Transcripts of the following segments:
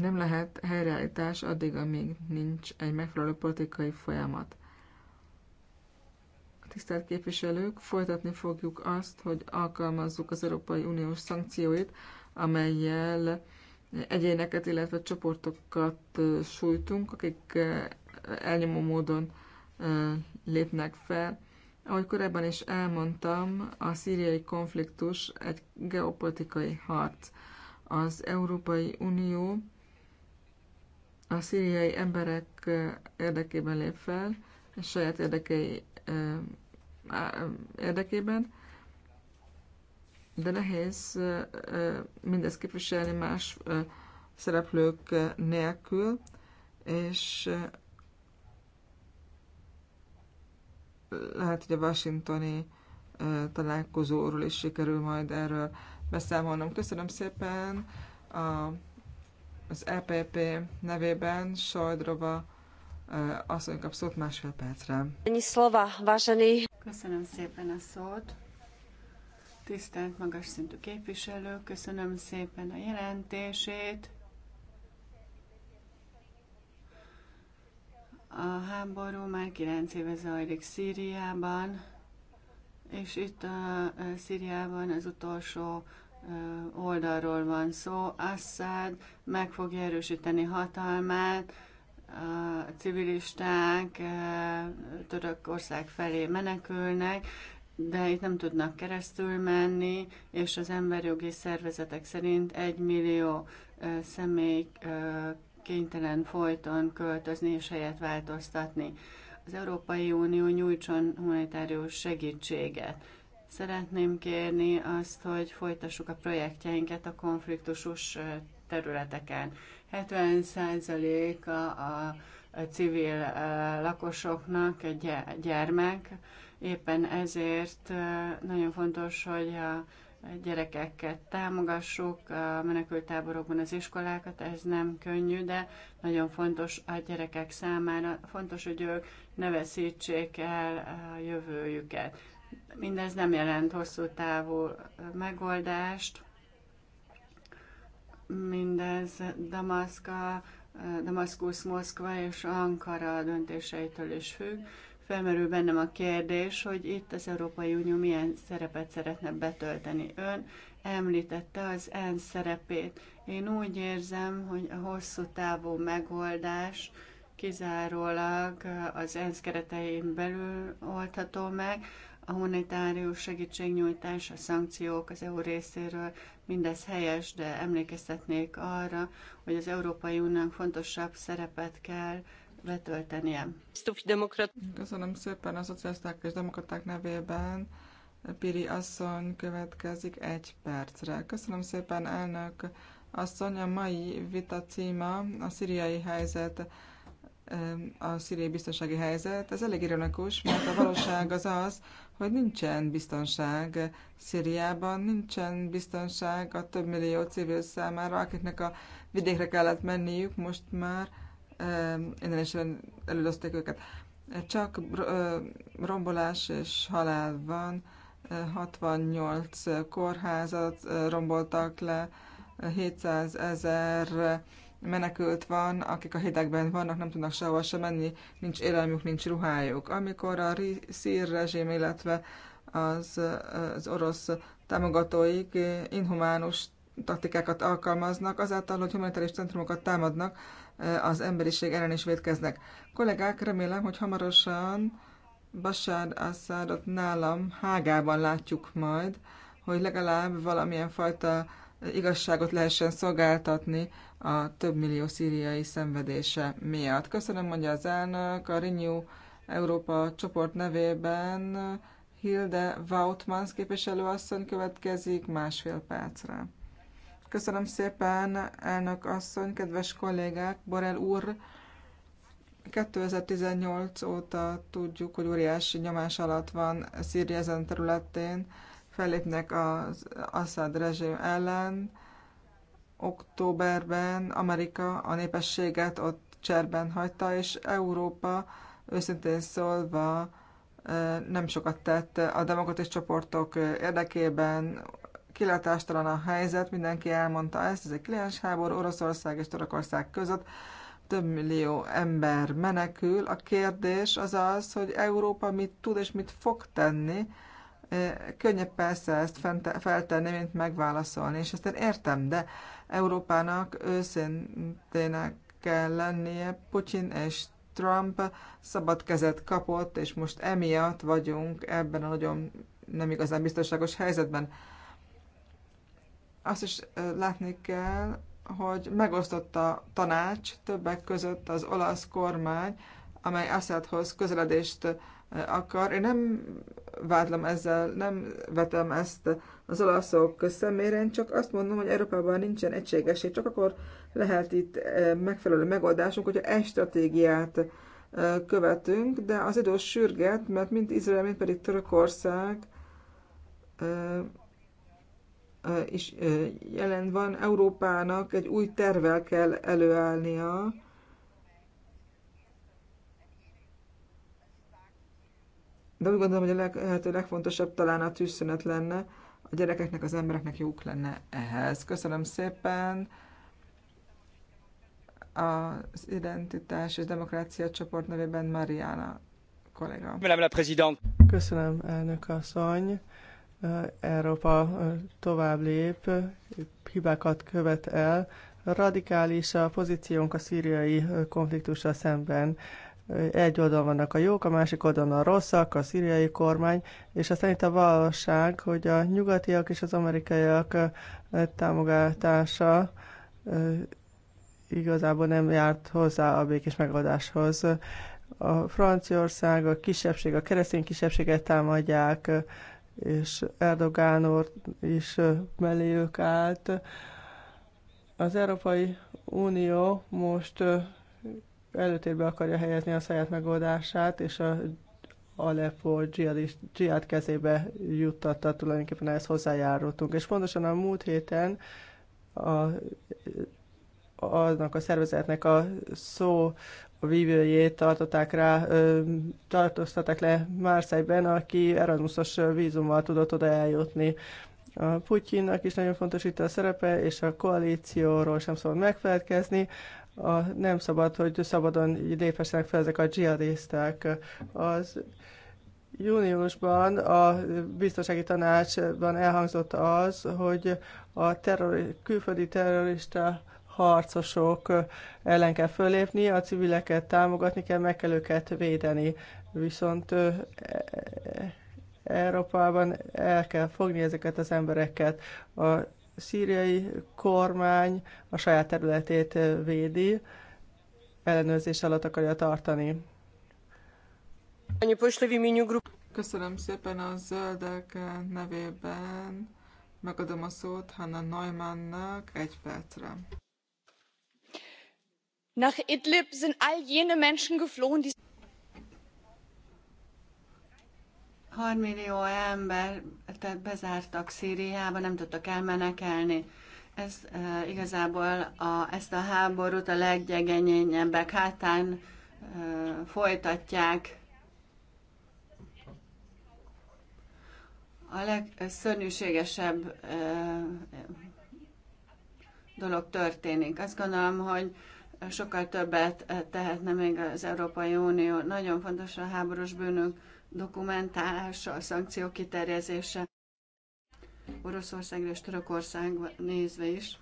Nem lehet helyreállítás addig, amíg nincs egy megfelelő politikai folyamat. Tisztelt képviselők, folytatni fogjuk azt, hogy alkalmazzuk az Európai Uniós szankcióit, amelyel egyéneket, illetve csoportokat sújtunk, akik elnyomó módon lépnek fel. Ahogy korábban is elmondtam, a szíriai konfliktus egy geopolitikai harc. Az Európai Unió a szíriai emberek érdekében lép fel, és saját érdekei érdekében, de nehéz mindezt képviselni más szereplők nélkül, és lehet, hogy a washingtoni találkozóról is sikerül majd erről beszámolnom. Köszönöm szépen a az EPP nevében Sajdrova asszony kap szót másfél percre. Köszönöm szépen a szót. Tisztelt magas szintű képviselő, köszönöm szépen a jelentését. A háború már 9 éve zajlik Szíriában, és itt a Szíriában az utolsó oldalról van szó. Assad meg fogja erősíteni hatalmát, a civilisták Törökország felé menekülnek, de itt nem tudnak keresztül menni, és az emberjogi szervezetek szerint egy millió személy kénytelen folyton költözni és helyet változtatni. Az Európai Unió nyújtson humanitárius segítséget Szeretném kérni azt, hogy folytassuk a projektjeinket a konfliktusos területeken. 70%-a a civil lakosoknak egy gyermek, éppen ezért nagyon fontos, hogy a gyerekeket támogassuk, a menekültáborokban az iskolákat, ez nem könnyű, de nagyon fontos a gyerekek számára, fontos, hogy ők ne veszítsék el a jövőjüket. Mindez nem jelent hosszú távú megoldást. Mindez Damaszka, Damaszkusz, Moszkva és Ankara döntéseitől is függ. Felmerül bennem a kérdés, hogy itt az Európai Unió milyen szerepet szeretne betölteni. Ön említette az ENSZ szerepét. Én úgy érzem, hogy a hosszú távú megoldás kizárólag az ENSZ keretein belül oldható meg a humanitárius segítségnyújtás, a szankciók az EU részéről, mindez helyes, de emlékeztetnék arra, hogy az Európai Uniónak fontosabb szerepet kell betöltenie. Köszönöm szépen a szocialisták és demokraták nevében. Piri asszony következik egy percre. Köszönöm szépen, elnök asszony. A mai vita címa a szíriai helyzet, a szíriai biztonsági helyzet. Ez elég ironikus, mert a valóság az az, hogy nincsen biztonság Szíriában, nincsen biztonság a több millió civil számára, akiknek a vidékre kellett menniük, most már innen is elülözték őket. Csak rombolás és halál van, 68 kórházat romboltak le, 700 ezer menekült van, akik a hidegben vannak, nem tudnak sehova se menni, nincs élelmük, nincs ruhájuk. Amikor a szír rezsim, illetve az, az orosz támogatóik inhumánus taktikákat alkalmaznak, azáltal, hogy humanitárius centrumokat támadnak, az emberiség ellen is védkeznek. Kollégák, remélem, hogy hamarosan Bashar Assadot nálam hágában látjuk majd, hogy legalább valamilyen fajta igazságot lehessen szolgáltatni a több millió szíriai szenvedése miatt. Köszönöm, mondja az elnök, a Renew Európa csoport nevében Hilde Wautmans képviselőasszony következik másfél percre. Köszönöm szépen, elnök asszony, kedves kollégák, Borel úr, 2018 óta tudjuk, hogy óriási nyomás alatt van Szíria ezen területén, felépnek az Assad rezsim ellen, októberben Amerika a népességet ott cserben hagyta, és Európa őszintén szólva nem sokat tett a demokratikus csoportok érdekében. Kilátástalan a helyzet, mindenki elmondta ezt, ez egy kliensháború Oroszország és Törökország között. Több millió ember menekül. A kérdés az az, hogy Európa mit tud és mit fog tenni. Könnyebb persze ezt feltenni, mint megválaszolni, és ezt én értem, de Európának őszintének kell lennie. Putin és Trump szabad kezet kapott, és most emiatt vagyunk ebben a nagyon nem igazán biztonságos helyzetben. Azt is látni kell, hogy megosztott a tanács, többek között az olasz kormány, amely Assadhoz közeledést akar. Én nem vádlom ezzel, nem vetem ezt az olaszok szemére, én csak azt mondom, hogy Európában nincsen egységesség, csak akkor lehet itt eh, megfelelő megoldásunk, hogyha egy stratégiát eh, követünk, de az idő sürget, mert mind Izrael, mind pedig Törökország eh, is jelen van, Európának egy új tervel kell előállnia, de úgy gondolom, hogy a leg, legfontosabb talán a tűzszünet lenne, a gyerekeknek, az embereknek jók lenne ehhez. Köszönöm szépen! Az Identitás és Demokrácia csoport nevében Mariana kollega. Madame la Présidente! Köszönöm, elnök asszony! Európa tovább lép, hibákat követ el. Radikális a pozíciónk a szíriai konfliktussal szemben egy oldalon vannak a jók, a másik oldalon a rosszak, a szíriai kormány, és aztán itt a valóság, hogy a nyugatiak és az amerikaiak támogatása igazából nem járt hozzá a békés megoldáshoz. A Franciaország, a kisebbség, a keresztény kisebbséget támadják, és Erdogán úr is melléjük állt. Az Európai Unió most előtérbe akarja helyezni a saját megoldását, és a Aleppo dzsiad kezébe juttatta, tulajdonképpen ehhez hozzájárultunk. És pontosan a múlt héten a, annak a szervezetnek a szó a vívőjét tartották rá, tartóztatták le Márszájban, aki Erasmusos vízummal tudott oda eljutni. A Putyinnak is nagyon fontos itt a szerepe, és a koalícióról sem szabad megfelelkezni a, nem szabad, hogy szabadon lépessenek fel ezek a dzsihadisták. Az júniusban a biztonsági tanácsban elhangzott az, hogy a terrori, külföldi terrorista harcosok ellen kell fölépni, a civileket támogatni kell, meg kell őket védeni. Viszont Európában el kell fogni ezeket az embereket. A szíriai kormány a saját területét védi, ellenőrzés alatt akarja tartani. Köszönöm szépen a zöldek nevében. Megadom a szót Hanna Neumannnak egy percre. Nach Idlib sind all jene Menschen geflohen, die 3 millió ember tehát bezártak Szíriába, nem tudtak elmenekelni. Ez e, igazából a, ezt a háborút a leggyegenyényebbek hátán e, folytatják. A legszörnyűségesebb e, dolog történik. Azt gondolom, hogy sokkal többet tehetne még az Európai Unió. Nagyon fontos a háborús bűnök dokumentálása, a szankciók kiterjezése Oroszországra és Törökországra nézve is,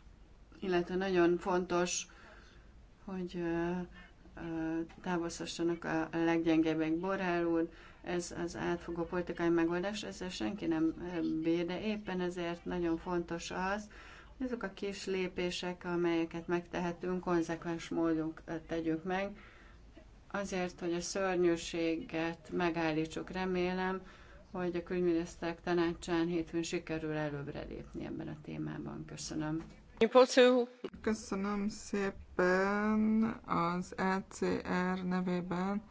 illetve nagyon fontos, hogy távozhassanak a leggyengébbek. Borrell úr, ez az átfogó politikai megoldás, ezzel senki nem bír, de éppen ezért nagyon fontos az, hogy azok a kis lépések, amelyeket megtehetünk, konzekvens módon tegyük meg, azért, hogy a szörnyűséget megállítsuk, remélem, hogy a külügyminiszterek tanácsán hétfőn sikerül előbbre lépni ebben a témában. Köszönöm. Köszönöm szépen az ECR nevében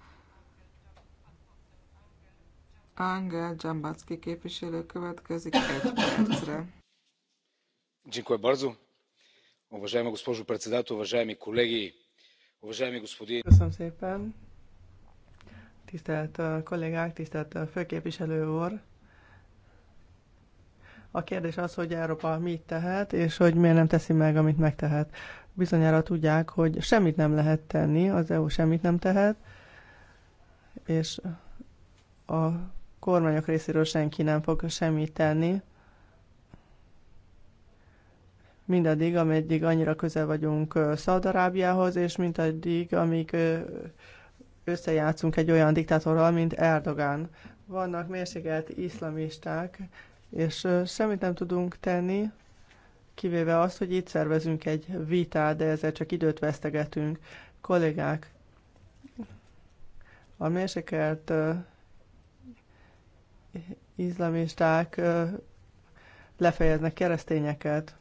Angel Dzsambacki képviselő következik egy percre. Dziękuję bardzo. Уважаема госпожо председател, уважаеми колеги, Köszönöm szépen. Tisztelt uh, kollégák, tisztelt uh, főképviselő úr. A kérdés az, hogy Európa mit tehet, és hogy miért nem teszi meg, amit megtehet. Bizonyára tudják, hogy semmit nem lehet tenni, az EU semmit nem tehet, és a kormányok részéről senki nem fog semmit tenni mindaddig, ameddig annyira közel vagyunk Szaudarábiához, és mindaddig, amíg összejátszunk egy olyan diktátorral, mint Erdogán. Vannak mérsékelt iszlamisták, és semmit nem tudunk tenni, kivéve azt, hogy itt szervezünk egy vitát, de ezzel csak időt vesztegetünk. Kollégák, a mérsékelt iszlamisták lefejeznek keresztényeket.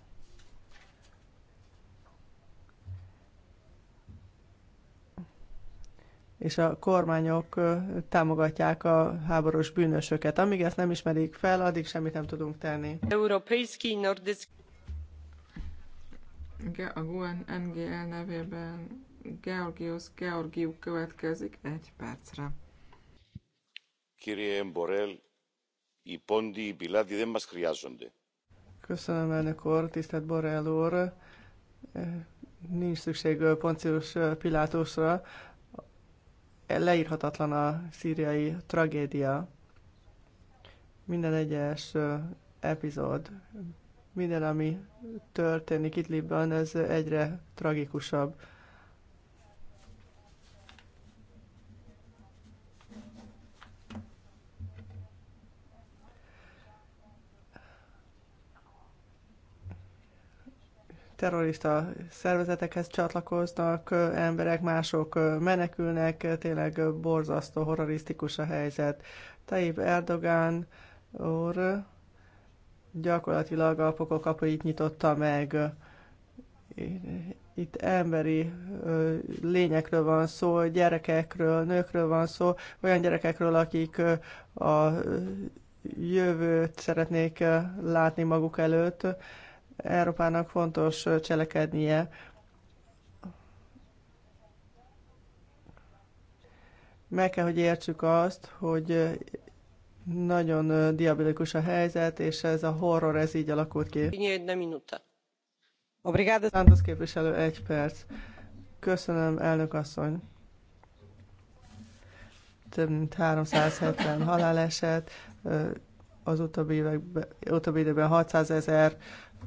és a kormányok támogatják a háborús bűnösöket. Amíg ezt nem ismerik fel, addig semmit nem tudunk tenni. Európai Nordisk... A GUN NGL nevében Georgios Georgiou következik egy percre. Κύριε Μπορέλ, i pondi οι πιλάτοι δεν Köszönöm, elnök úr, tisztelt Borrell úr. Nincs szükség Poncius Pilátusra leírhatatlan a szíriai tragédia. Minden egyes epizód, minden, ami történik itt Libban, ez egyre tragikusabb. terrorista szervezetekhez csatlakoznak emberek, mások menekülnek, tényleg borzasztó, horrorisztikus a helyzet. Taib Erdogan úr gyakorlatilag a pokol nyitotta meg. Itt emberi lényekről van szó, gyerekekről, nőkről van szó, olyan gyerekekről, akik a jövőt szeretnék látni maguk előtt, Európának fontos cselekednie. Meg kell, hogy értsük azt, hogy nagyon diabolikus a helyzet, és ez a horror, ez így alakult ki. Egy minuta. Obrigada. Santos képviselő, egy perc. Köszönöm, elnök asszony. Több mint 370 haláleset, az utóbbi, években, utóbbi időben 600 ezer,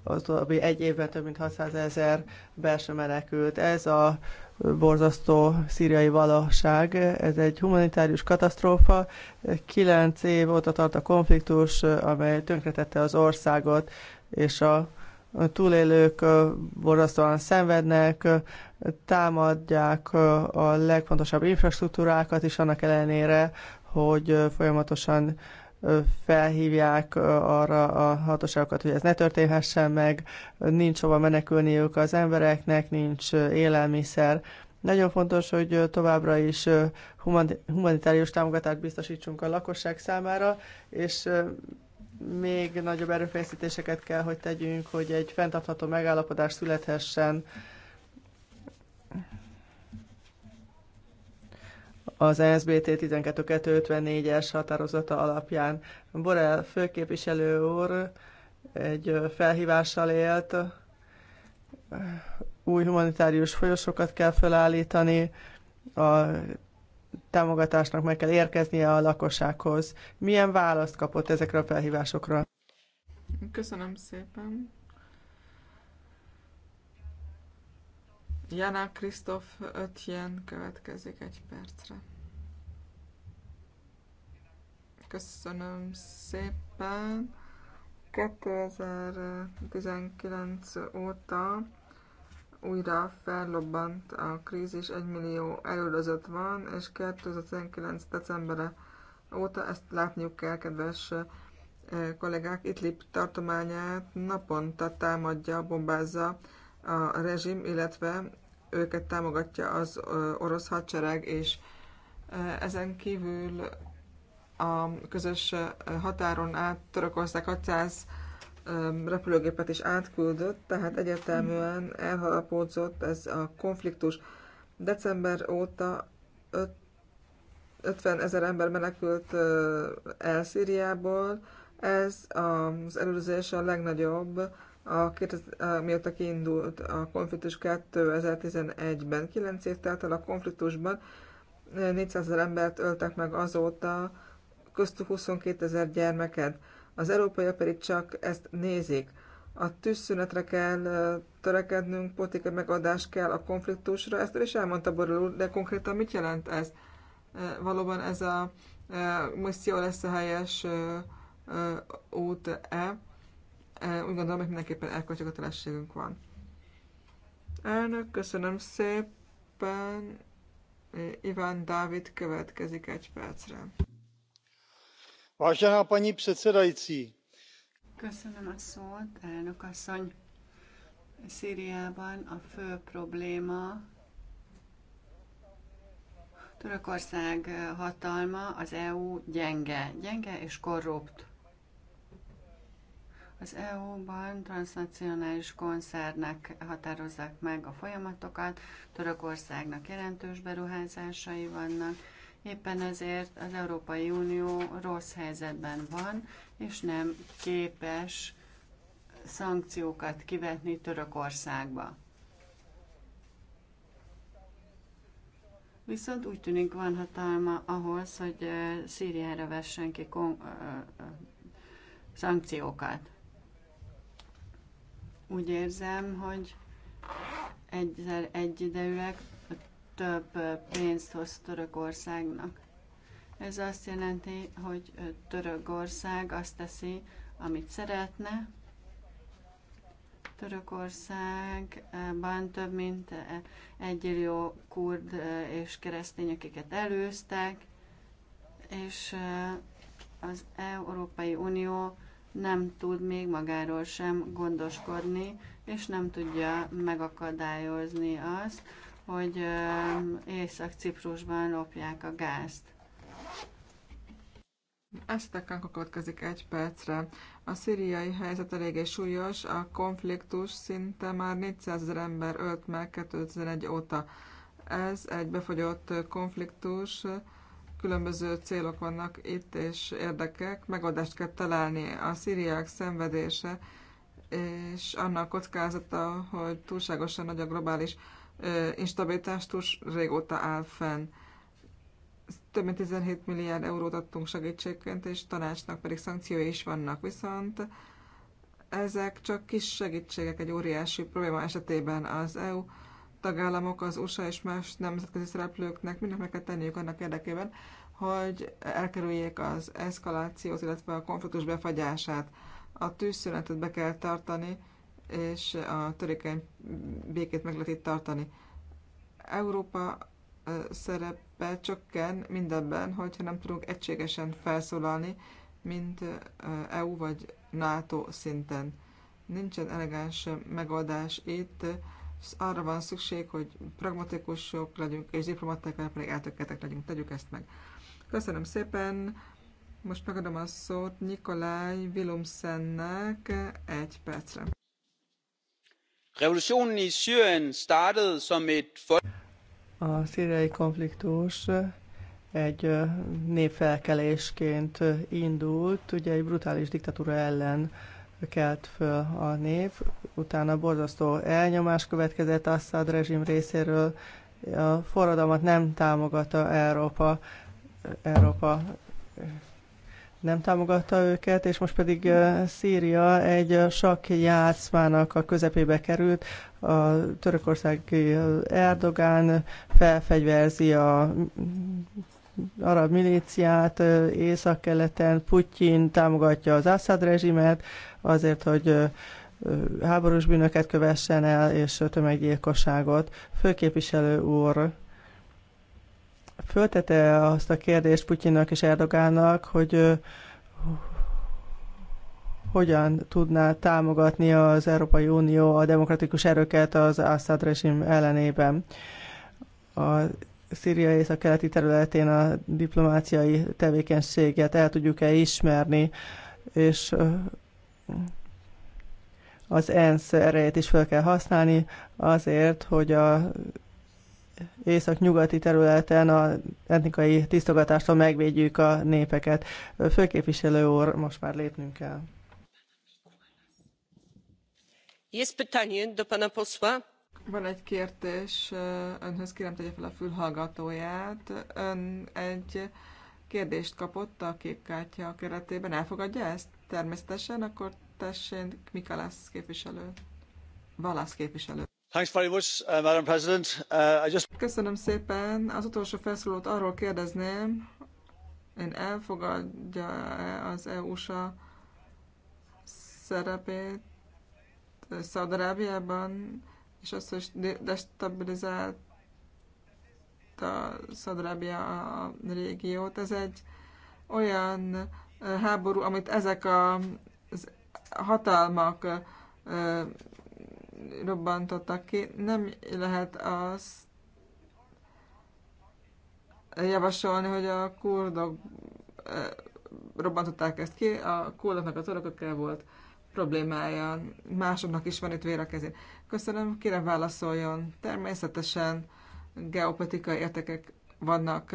az utóbbi egy évben több mint 600 ezer belső menekült. Ez a borzasztó szíriai valóság. Ez egy humanitárius katasztrófa. Kilenc év óta tart a konfliktus, amely tönkretette az országot, és a túlélők borzasztóan szenvednek, támadják a legfontosabb infrastruktúrákat is annak ellenére, hogy folyamatosan felhívják arra a hatóságokat, hogy ez ne történhessen meg, nincs hova menekülniük az embereknek, nincs élelmiszer. Nagyon fontos, hogy továbbra is humanitárius támogatást biztosítsunk a lakosság számára, és még nagyobb erőfeszítéseket kell, hogy tegyünk, hogy egy fenntartható megállapodás születhessen az SBT 12254-es határozata alapján. Borel főképviselő úr egy felhívással élt, új humanitárius folyosokat kell felállítani, a támogatásnak meg kell érkeznie a lakossághoz. Milyen választ kapott ezekre a felhívásokra? Köszönöm szépen. Jana Kristof Ötjen következik egy percre. Köszönöm szépen. 2019 óta újra fellobbant a krízis, 1 millió elődözött van, és 2019 decembere óta ezt látniuk kell, kedves eh, kollégák, Itlip tartományát naponta támadja, bombázza a rezsim, illetve őket támogatja az orosz hadsereg, és ezen kívül a közös határon át Törökország 600 repülőgépet is átküldött, tehát egyértelműen elhalapódzott ez a konfliktus. December óta 50 ezer ember menekült el Szíriából, ez az előzés a legnagyobb a, mióta kiindult a konfliktus 2011-ben. 9 év telt el a konfliktusban, 400 ezer embert öltek meg azóta, köztük 22 ezer gyermeket. Az európaiak pedig csak ezt nézik. A tűzszünetre kell törekednünk, politikai megadás kell a konfliktusra. Ezt is elmondta Borrell de konkrétan mit jelent ez? Valóban ez a misszió lesz a helyes út-e? úgy gondolom, hogy mindenképpen elköltsi kötelességünk van. Elnök, köszönöm szépen. Iván Dávid következik egy percre. Vážená paní předsedající. Köszönöm a szót, elnök asszony. Szíriában a fő probléma Törökország hatalma, az EU gyenge, gyenge és korrupt. Az EU-ban transnacionális koncernek határozzák meg a folyamatokat, Törökországnak jelentős beruházásai vannak, éppen ezért az Európai Unió rossz helyzetben van, és nem képes szankciókat kivetni Törökországba. Viszont úgy tűnik van hatalma ahhoz, hogy eh, Szíriára vessen ki eh, eh, szankciókat. Úgy érzem, hogy egyzel egyidejűleg több pénzt hoz Törökországnak. Ez azt jelenti, hogy Törökország azt teszi, amit szeretne. Törökországban több mint egy millió kurd és keresztény, akiket előztek, és az Európai Unió nem tud még magáról sem gondoskodni, és nem tudja megakadályozni azt, hogy Észak-Ciprusban lopják a gázt. Esztekánk következik egy percre. A szíriai helyzet eléggé súlyos, a konfliktus szinte már 400 ezer ember ölt meg 2001 óta. Ez egy befogyott konfliktus, különböző célok vannak itt, és érdekek, megoldást kell találni a szíriák szenvedése, és annak kockázata, hogy túlságosan nagy a globális instabilitás túl régóta áll fenn. Több mint 17 milliárd eurót adtunk segítségként, és tanácsnak pedig szankciói is vannak. Viszont ezek csak kis segítségek egy óriási probléma esetében az EU tagállamok, az USA és más nemzetközi szereplőknek mindent meg kell tenniük annak érdekében, hogy elkerüljék az eszkalációt, illetve a konfliktus befagyását. A tűzszünetet be kell tartani, és a törékeny békét meg lehet itt tartani. Európa szerepe csökken mindebben, hogyha nem tudunk egységesen felszólalni, mint EU vagy NATO szinten. Nincsen elegáns megoldás itt, arra van szükség, hogy pragmatikusok legyünk, és diplomaták, nem pedig eltökéletek legyünk. Tegyük ezt meg. Köszönöm szépen. Most megadom a szót Nikolaj Vilumsennek egy percre. Revolutionen i Syrien startede som et folk... A szíriai konfliktus egy népfelkelésként indult, ugye egy brutális diktatúra ellen kelt föl a nép, utána borzasztó elnyomás következett Assad rezsim részéről, a forradalmat nem támogatta Európa, Európa nem támogatta őket, és most pedig Szíria egy sok játszmának a közepébe került. A törökországi Erdogán felfegyverzi a arab milíciát északkeleten, Putyin támogatja az Assad rezsimet, azért, hogy háborús bűnöket kövessen el, és tömeggyilkosságot. Főképviselő úr föltete azt a kérdést Putyinnak és Erdogánnak, hogy hogyan tudná támogatni az Európai Unió a demokratikus erőket az Assad rezsim ellenében. A Szíria a keleti területén a diplomáciai tevékenységet el tudjuk-e ismerni, és az ENSZ erejét is fel kell használni azért, hogy a észak-nyugati területen a etnikai tisztogatástól megvédjük a népeket. Főképviselő úr, most már lépnünk kell. Van egy kérdés, önhöz kérem tegye fel a fülhallgatóját. Ön egy kérdést kapott a képkártya keretében, elfogadja ezt? Természetesen, akkor tessék Mikalász képviselő. Valász képviselő. Thanks very much, uh, Madam President. Uh, I just... Köszönöm szépen. Az utolsó felszólót arról kérdezném, én elfogadja-e az EU-sa szerepét Szaudarábiában, és azt, hogy destabilizált a Szaudarábia a régiót. Ez egy olyan háború, amit ezek a hatalmak robbantottak ki, nem lehet azt javasolni, hogy a kurdok robbantották ezt ki, a kurdoknak a törökökkel volt problémája, másoknak is van itt kezén. Köszönöm, kérem válaszoljon. Természetesen geopolitikai értekek vannak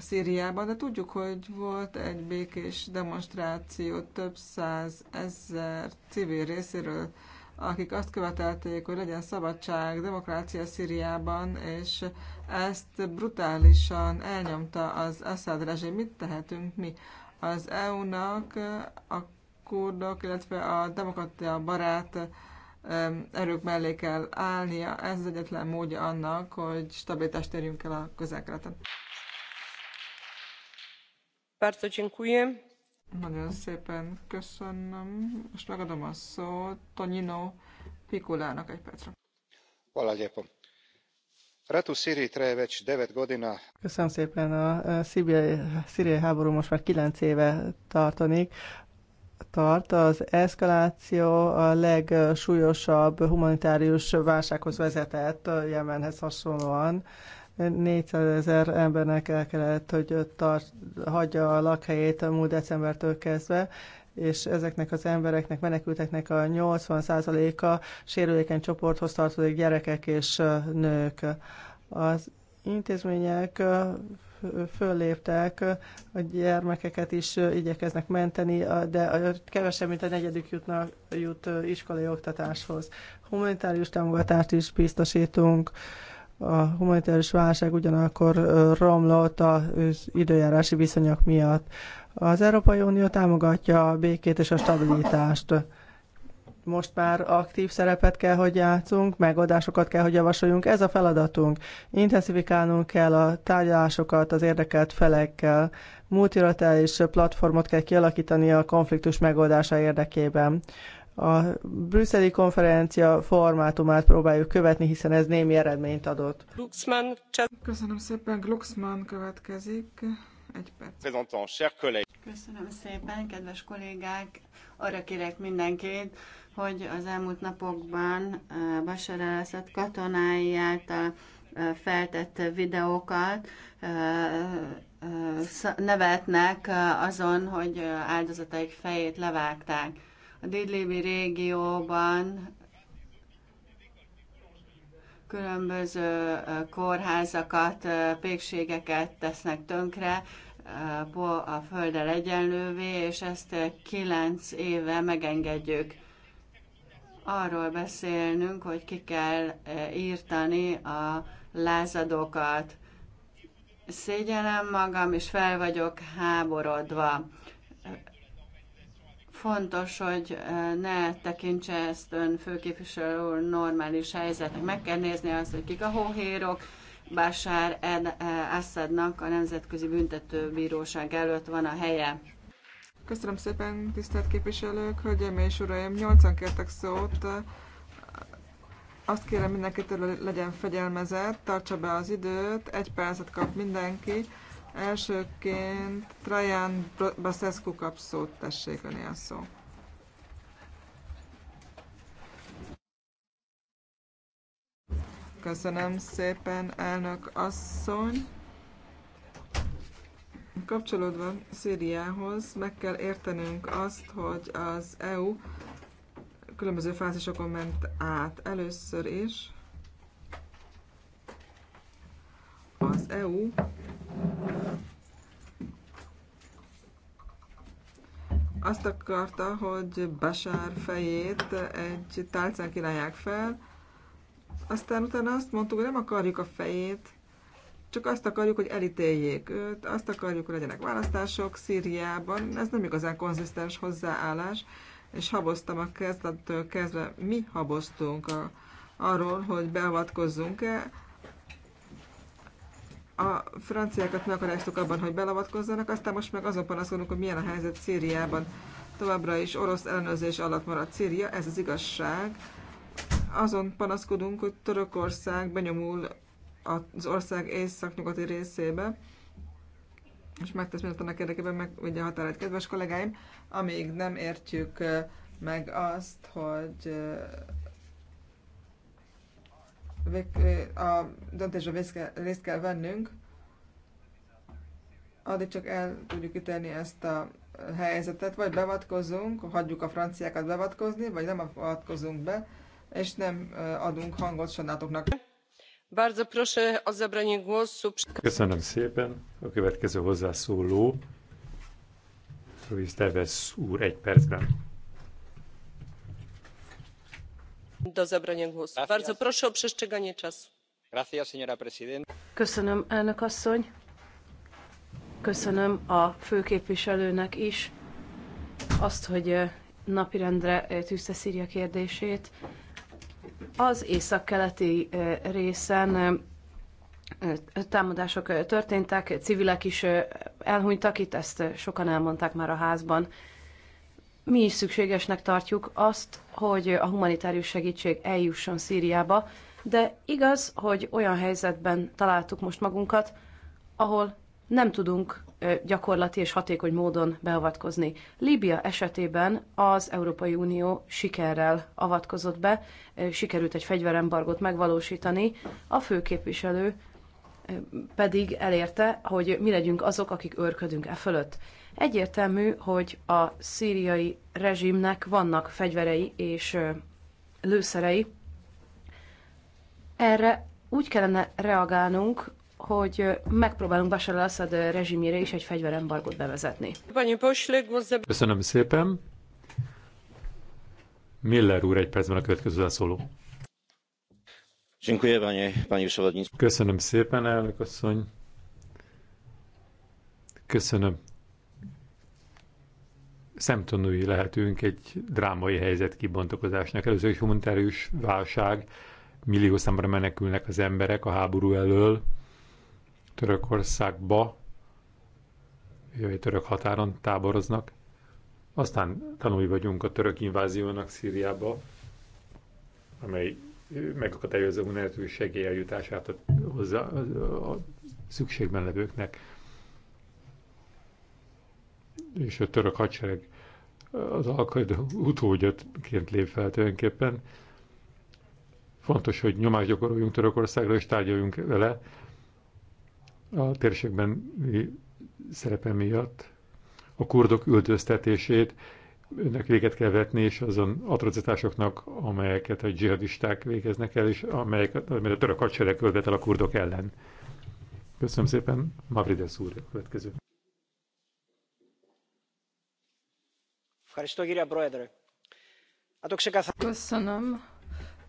Szíriában, de tudjuk, hogy volt egy békés demonstráció több száz ezer civil részéről, akik azt követelték, hogy legyen szabadság, demokrácia Szíriában, és ezt brutálisan elnyomta az Assad rezsim. Mit tehetünk mi? Az EU-nak a kurdok, illetve a demokratia barát erők mellé kell állnia. Ez az egyetlen módja annak, hogy stabilitást érjünk el a közelkeleten. Nagyon szépen köszönöm. Most megadom a szót Tonino Pikulának egy percre. Hvala lijepo. Rat u Siriji godina. Köszönöm szépen. A e, szíriai, háború most már kilenc éve tartanik tart. Az eszkaláció a legsúlyosabb humanitárius válsághoz vezetett Jemenhez hasonlóan. 400 ezer embernek el kellett, hogy tart, hagyja a lakhelyét a múlt decembertől kezdve, és ezeknek az embereknek, menekülteknek a 80%-a sérülékeny csoporthoz tartozik gyerekek és nők. Az intézmények fölléptek, a gyermekeket is igyekeznek menteni, de kevesebb, mint a negyedik jutna, jut iskolai oktatáshoz. Humanitárius támogatást is biztosítunk, a humanitárius válság ugyanakkor romlott az időjárási viszonyok miatt. Az Európai Unió támogatja a békét és a stabilitást most már aktív szerepet kell, hogy játszunk, megoldásokat kell, hogy javasoljunk. Ez a feladatunk. Intenzifikálnunk kell a tárgyalásokat az érdekelt felekkel. Multilaterális platformot kell kialakítani a konfliktus megoldása érdekében a brüsszeli konferencia formátumát próbáljuk követni, hiszen ez némi eredményt adott. Glucksmann. Köszönöm szépen, Glucksmann következik. Egy perc. Köszönöm szépen, kedves kollégák! Arra kérek mindenkit, hogy az elmúlt napokban eh, Bashar al katonái által eh, feltett videókat eh, nevetnek azon, hogy áldozataik fejét levágták. A dédlibi régióban különböző kórházakat, pékségeket tesznek tönkre, a földdel egyenlővé, és ezt kilenc éve megengedjük. Arról beszélnünk, hogy ki kell írtani a lázadókat. Szégyenem magam, és fel vagyok háborodva. Fontos, hogy ne tekintse ezt ön főképviselő normális helyzetnek. Meg kell nézni azt, hogy kik a hóhérok, Bashar Assadnak a Nemzetközi Büntetőbíróság előtt van a helye. Köszönöm szépen, tisztelt képviselők, hölgyeim és uraim, nyolcan kértek szót. Azt kérem mindenkitől, hogy legyen fegyelmezett, tartsa be az időt, egy percet kap mindenki. Elsőként Trajan Basescu kap szót, tessék öné a szó. Köszönöm szépen, elnök asszony. Kapcsolódva Szíriához, meg kell értenünk azt, hogy az EU különböző fázisokon ment át. Először is az EU azt akarta, hogy Basár fejét egy tálcán kínálják fel, aztán utána azt mondtuk, hogy nem akarjuk a fejét, csak azt akarjuk, hogy elítéljék őt, azt akarjuk, hogy legyenek választások Szíriában. Ez nem igazán konzisztens hozzáállás, és haboztam a kezdettől kezdve. Mi haboztunk a, arról, hogy beavatkozzunk-e, a franciákat megakadályoztuk abban, hogy belavatkozzanak, aztán most meg azon panaszkodunk, hogy milyen a helyzet Szíriában. Továbbra is orosz ellenőrzés alatt maradt Szíria, ez az igazság. Azon panaszkodunk, hogy Törökország benyomul az ország északnyugati részébe, és megtesz mindent annak érdekében ugye a határát. Kedves kollégáim, amíg nem értjük eh, meg azt, hogy eh, a döntésre részt kell vennünk, addig csak el tudjuk ítélni ezt a helyzetet, vagy bevatkozunk, hagyjuk a franciákat bevatkozni, vagy nem avatkozunk be, és nem adunk hangot sajnálatoknak. Köszönöm szépen. A következő hozzászóló, Ruiz Tevez úr egy percben. Köszönöm, elnök asszony. Köszönöm a főképviselőnek is azt, hogy eh, napirendre eh, tűzte szria kérdését. Az északkeleti eh, részen támadások történtek, civilek is elhunytak, itt ezt sokan elmondták már a házban. Mi is szükségesnek tartjuk azt, hogy a humanitárius segítség eljusson Szíriába, de igaz, hogy olyan helyzetben találtuk most magunkat, ahol nem tudunk gyakorlati és hatékony módon beavatkozni. Líbia esetében az Európai Unió sikerrel avatkozott be, sikerült egy fegyverembargot megvalósítani, a főképviselő pedig elérte, hogy mi legyünk azok, akik örködünk e fölött. Egyértelmű, hogy a szíriai rezsimnek vannak fegyverei és lőszerei. Erre úgy kellene reagálnunk, hogy megpróbálunk Bashar al-Assad rezsimjére is egy fegyverembargot bevezetni. Köszönöm szépen. Miller úr egy percben a következő szóló. Köszönöm szépen, elnök asszony. Köszönöm szemtanúi lehetünk egy drámai helyzet kibontakozásnak. Először egy humanitárius válság, millió számra menekülnek az emberek a háború elől Törökországba, jövő török határon táboroznak. Aztán tanulni vagyunk a török inváziónak Szíriába, amely megakadályozza a humanitárius segély eljutását a, hozzá, a, a szükségben levőknek és a török hadsereg az alkaida utódjaként lép fel tulajdonképpen. Fontos, hogy nyomást gyakoroljunk Törökországra, és tárgyaljunk vele a térségben szerepe miatt. A kurdok üldöztetését, önnek véget kell vetni, és azon atrocitásoknak, amelyeket a dzsihadisták végeznek el, és amelyeket, amelyet a török hadsereg követ el a kurdok ellen. Köszönöm szépen, Mavrides úr, következő. Köszönöm,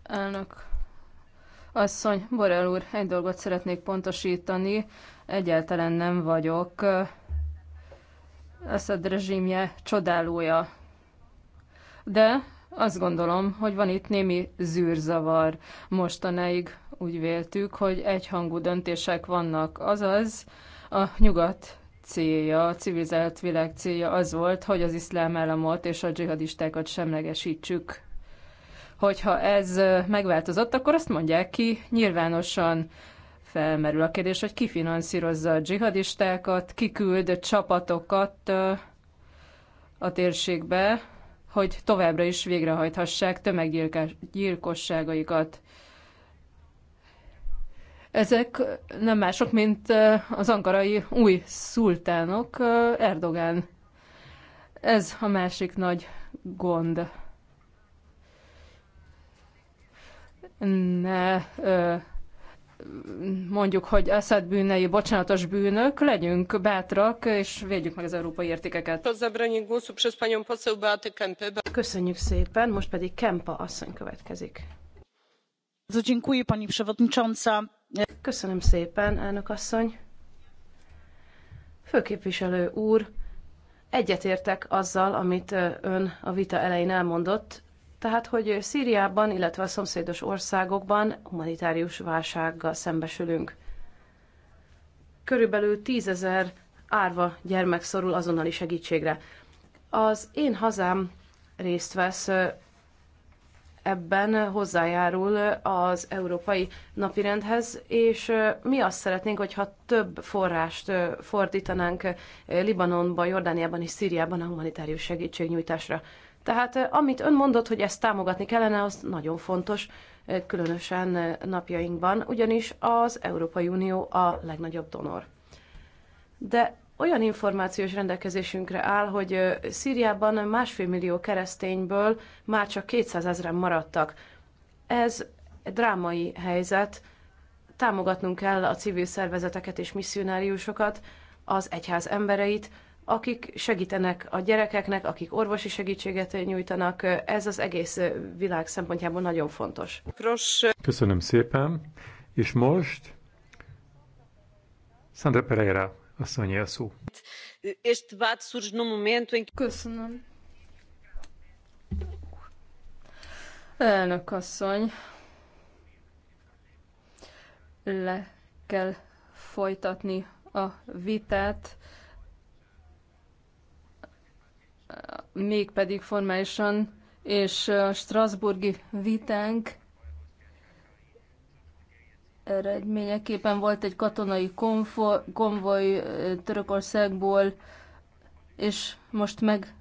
elnök asszony. Borrell úr, egy dolgot szeretnék pontosítani. Egyáltalán nem vagyok Assad rezsimje csodálója. De azt gondolom, hogy van itt némi zűrzavar. Mostanáig úgy véltük, hogy egyhangú döntések vannak, azaz a nyugat célja, a civilizált világ célja az volt, hogy az iszlám államot és a dzsihadistákat semlegesítsük. Hogyha ez megváltozott, akkor azt mondják ki nyilvánosan, felmerül a kérdés, hogy ki finanszírozza a dzsihadistákat, ki küld csapatokat a térségbe, hogy továbbra is végrehajthassák tömeggyilkosságaikat. Ezek nem mások, mint az ankarai új szultánok, Erdogán. Ez a másik nagy gond. Ne mondjuk, hogy Assad bűnei bocsánatos bűnök, legyünk bátrak, és védjük meg az európai értékeket. Köszönjük szépen, most pedig Kempa asszony következik. Dziękuję pani przewodnicząca Köszönöm szépen, elnök asszony. Főképviselő úr, egyetértek azzal, amit ön a vita elején elmondott, tehát, hogy Szíriában, illetve a szomszédos országokban humanitárius válsággal szembesülünk. Körülbelül tízezer árva gyermek szorul azonnali segítségre. Az én hazám részt vesz ebben hozzájárul az európai napirendhez, és mi azt szeretnénk, hogyha több forrást fordítanánk Libanonban, Jordániában és Szíriában a humanitárius segítségnyújtásra. Tehát amit ön mondott, hogy ezt támogatni kellene, az nagyon fontos, különösen napjainkban, ugyanis az Európai Unió a legnagyobb donor. De olyan információs rendelkezésünkre áll, hogy Szíriában másfél millió keresztényből már csak 200 ezeren maradtak. Ez drámai helyzet, támogatnunk kell a civil szervezeteket és misszionáriusokat, az egyház embereit, akik segítenek a gyerekeknek, akik orvosi segítséget nyújtanak. Ez az egész világ szempontjából nagyon fontos. Köszönöm szépen. És most Sandra Pereira a Asszonyi a szó. Köszönöm. Elnök asszony, le kell folytatni a vitát, mégpedig formálisan, és a Strasburgi vitánk eredményeképpen volt egy katonai konvoj, konvoj Törökországból, és most meg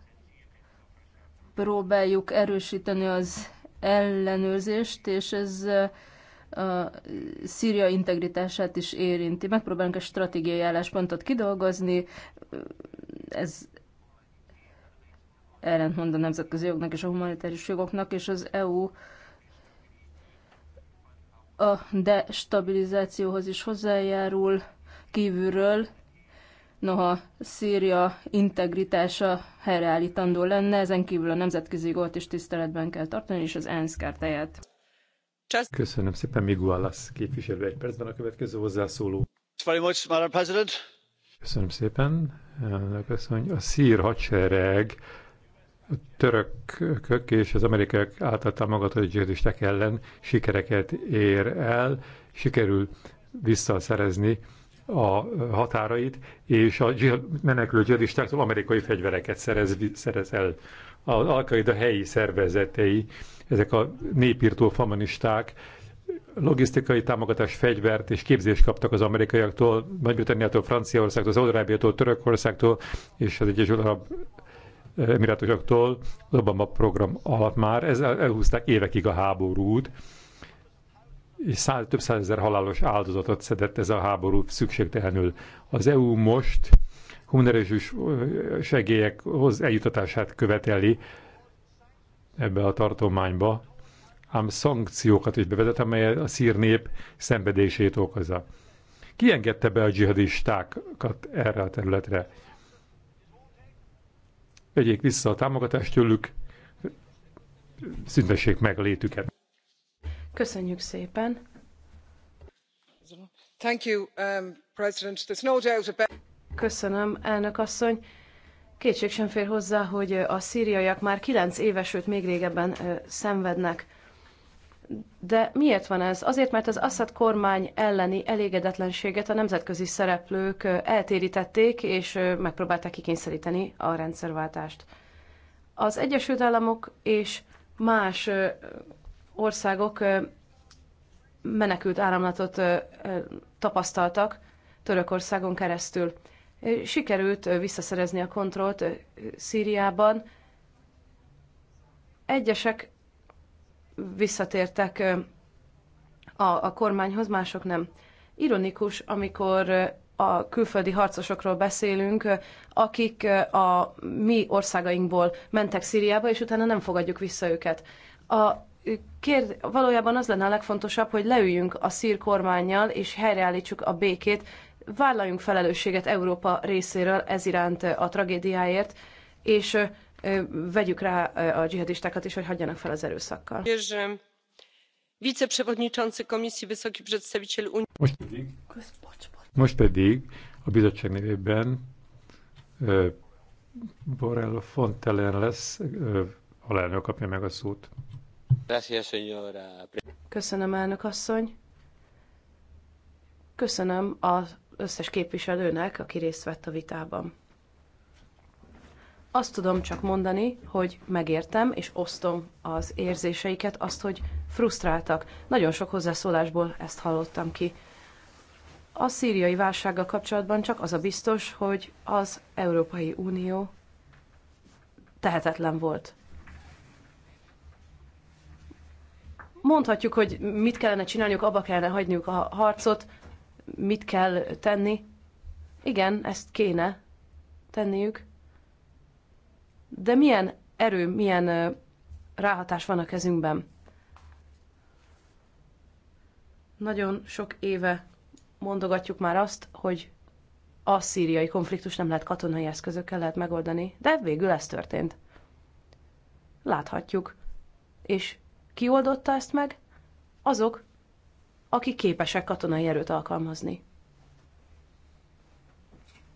próbáljuk erősíteni az ellenőrzést, és ez a Szíria integritását is érinti. Megpróbálunk egy stratégiai álláspontot kidolgozni, ez ellentmond a nemzetközi jognak és a humanitárius jogoknak, és az EU a destabilizációhoz is hozzájárul kívülről, noha Szíria integritása helyreállítandó lenne, ezen kívül a nemzetközi gólt is tiszteletben kell tartani, és az ENSZ kártáját. Köszönöm szépen, Migualas képviselő egy percben a következő hozzászóló. Köszönöm szépen, elnök asszony. A szír hadsereg a törökök és az amerikaiak által támogatott dzsihadisták ellen sikereket ér el, sikerül visszaszerezni a határait, és a menekülő dzsihadistáktól amerikai fegyvereket szerez, szerez el. Az al helyi szervezetei, ezek a népírtó famanisták logisztikai támogatás, fegyvert és képzést kaptak az amerikaiaktól, Nagy-Britanniától, Franciaországtól, Szaudarábiától, Törökországtól és az Egyesült Arab emirátusoktól, az Obama program alatt már, ezzel elhúzták évekig a háborút, és száz, több százezer halálos áldozatot szedett ez a háború szükségtelenül. Az EU most humanitárius segélyek hoz eljutatását követeli ebbe a tartományba, ám szankciókat is bevezet, amely a szír nép szenvedését okozza. Ki engedte be a dzsihadistákat erre a területre? vegyék vissza a támogatást tőlük, szüntessék meg a létüket. Köszönjük szépen. Thank you, um, President. There's no doubt about... Köszönöm, elnök asszony. Kétség sem fér hozzá, hogy a szíriaiak már kilenc éves, sőt még régebben szenvednek de miért van ez? Azért, mert az Assad kormány elleni elégedetlenséget a nemzetközi szereplők eltérítették, és megpróbálták kikényszeríteni a rendszerváltást. Az Egyesült Államok és más országok menekült áramlatot tapasztaltak Törökországon keresztül. Sikerült visszaszerezni a kontrollt Szíriában. Egyesek visszatértek a, a kormányhoz, mások nem. Ironikus, amikor a külföldi harcosokról beszélünk, akik a mi országainkból mentek Szíriába, és utána nem fogadjuk vissza őket. A kér, valójában az lenne a legfontosabb, hogy leüljünk a szír kormányjal, és helyreállítsuk a békét, vállaljunk felelősséget Európa részéről ez iránt a tragédiáért, és vegyük rá a dzsihadistákat is, hogy hagyjanak fel az erőszakkal. Viceprzewodniczący Komisji Wysoki Przedstawiciel Unii. Most pedig, most pedig a bizottság nevében uh, Borrell Fontelen lesz, uh, alelnök kapja meg a szót. Köszönöm, elnök asszony. Köszönöm az összes képviselőnek, aki részt vett a vitában. Azt tudom csak mondani, hogy megértem és osztom az érzéseiket, azt, hogy frusztráltak. Nagyon sok hozzászólásból ezt hallottam ki. A szíriai válsággal kapcsolatban csak az a biztos, hogy az Európai Unió tehetetlen volt. Mondhatjuk, hogy mit kellene csinálniuk, abba kellene hagyniuk a harcot, mit kell tenni. Igen, ezt kéne tenniük de milyen erő, milyen ráhatás van a kezünkben. Nagyon sok éve mondogatjuk már azt, hogy a szíriai konfliktus nem lehet katonai eszközökkel lehet megoldani, de végül ez történt. Láthatjuk. És ki oldotta ezt meg? Azok, akik képesek katonai erőt alkalmazni.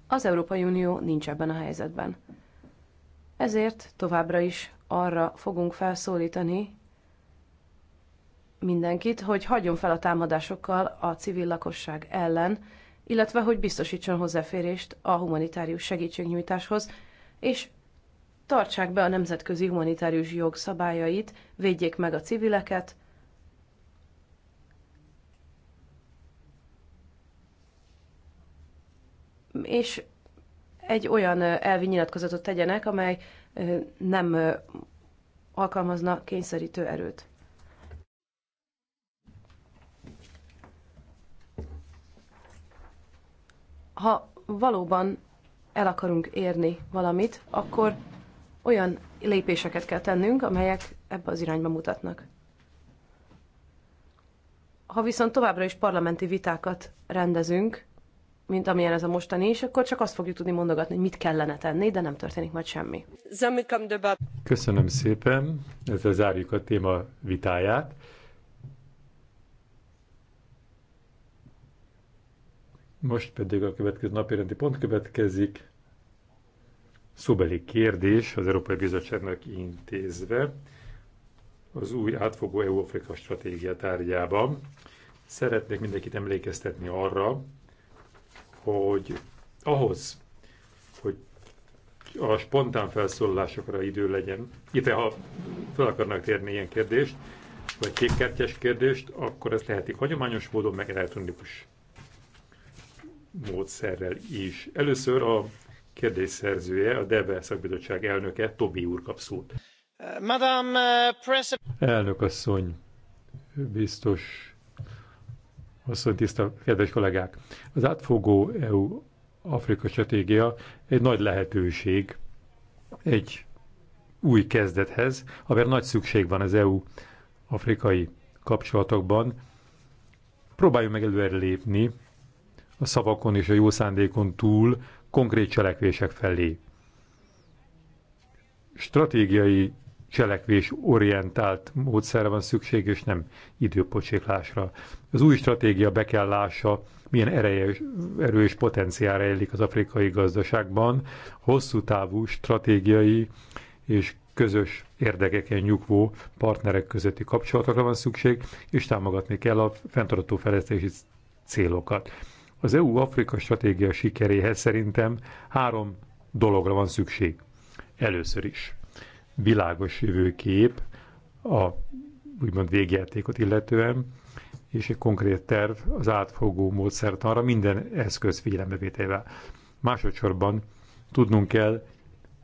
Az Európai Unió nincs ebben a helyzetben. Ezért továbbra is arra fogunk felszólítani mindenkit, hogy hagyjon fel a támadásokkal a civil lakosság ellen, illetve hogy biztosítson hozzáférést a humanitárius segítségnyújtáshoz, és tartsák be a nemzetközi humanitárius jog szabályait, védjék meg a civileket, és egy olyan elvi nyilatkozatot tegyenek, amely nem alkalmazna kényszerítő erőt. Ha valóban el akarunk érni valamit, akkor olyan lépéseket kell tennünk, amelyek ebbe az irányba mutatnak. Ha viszont továbbra is parlamenti vitákat rendezünk, mint amilyen ez a mostani, és akkor csak azt fogjuk tudni mondogatni, hogy mit kellene tenni, de nem történik majd semmi. Köszönöm szépen, ezzel zárjuk a téma vitáját. Most pedig a következő napirendi pont következik. Szóbeli kérdés az Európai Bizottságnak intézve az új átfogó EU-Afrika stratégia tárgyában. Szeretnék mindenkit emlékeztetni arra, hogy ahhoz, hogy a spontán felszólalásokra idő legyen, itt ha fel akarnak térni ilyen kérdést, vagy kékkártyás kérdést, akkor ezt lehetik hagyományos módon, meg elektronikus módszerrel is. Először a kérdés szerzője, a DEVE szakbizottság elnöke, Tobi úr kap szót. Madame uh, President. Elnök asszony, biztos Asszony, tiszta, kedves kollégák! Az átfogó EU-Afrika stratégia egy nagy lehetőség egy új kezdethez, amire nagy szükség van az EU-afrikai kapcsolatokban. Próbáljunk meg előre lépni a szavakon és a jó szándékon túl konkrét cselekvések felé. Stratégiai cselekvés orientált módszerre van szükség, és nem időpocséklásra. Az új stratégia be kell lássa, milyen ereje, erő és potenciál rejlik az afrikai gazdaságban, hosszú távú stratégiai és közös érdekeken nyugvó partnerek közötti kapcsolatokra van szükség, és támogatni kell a fenntartó fejlesztési célokat. Az EU-Afrika stratégia sikeréhez szerintem három dologra van szükség. Először is világos jövőkép a úgymond végjátékot illetően, és egy konkrét terv az átfogó módszert arra minden eszköz figyelembevételével. Másodszorban tudnunk kell,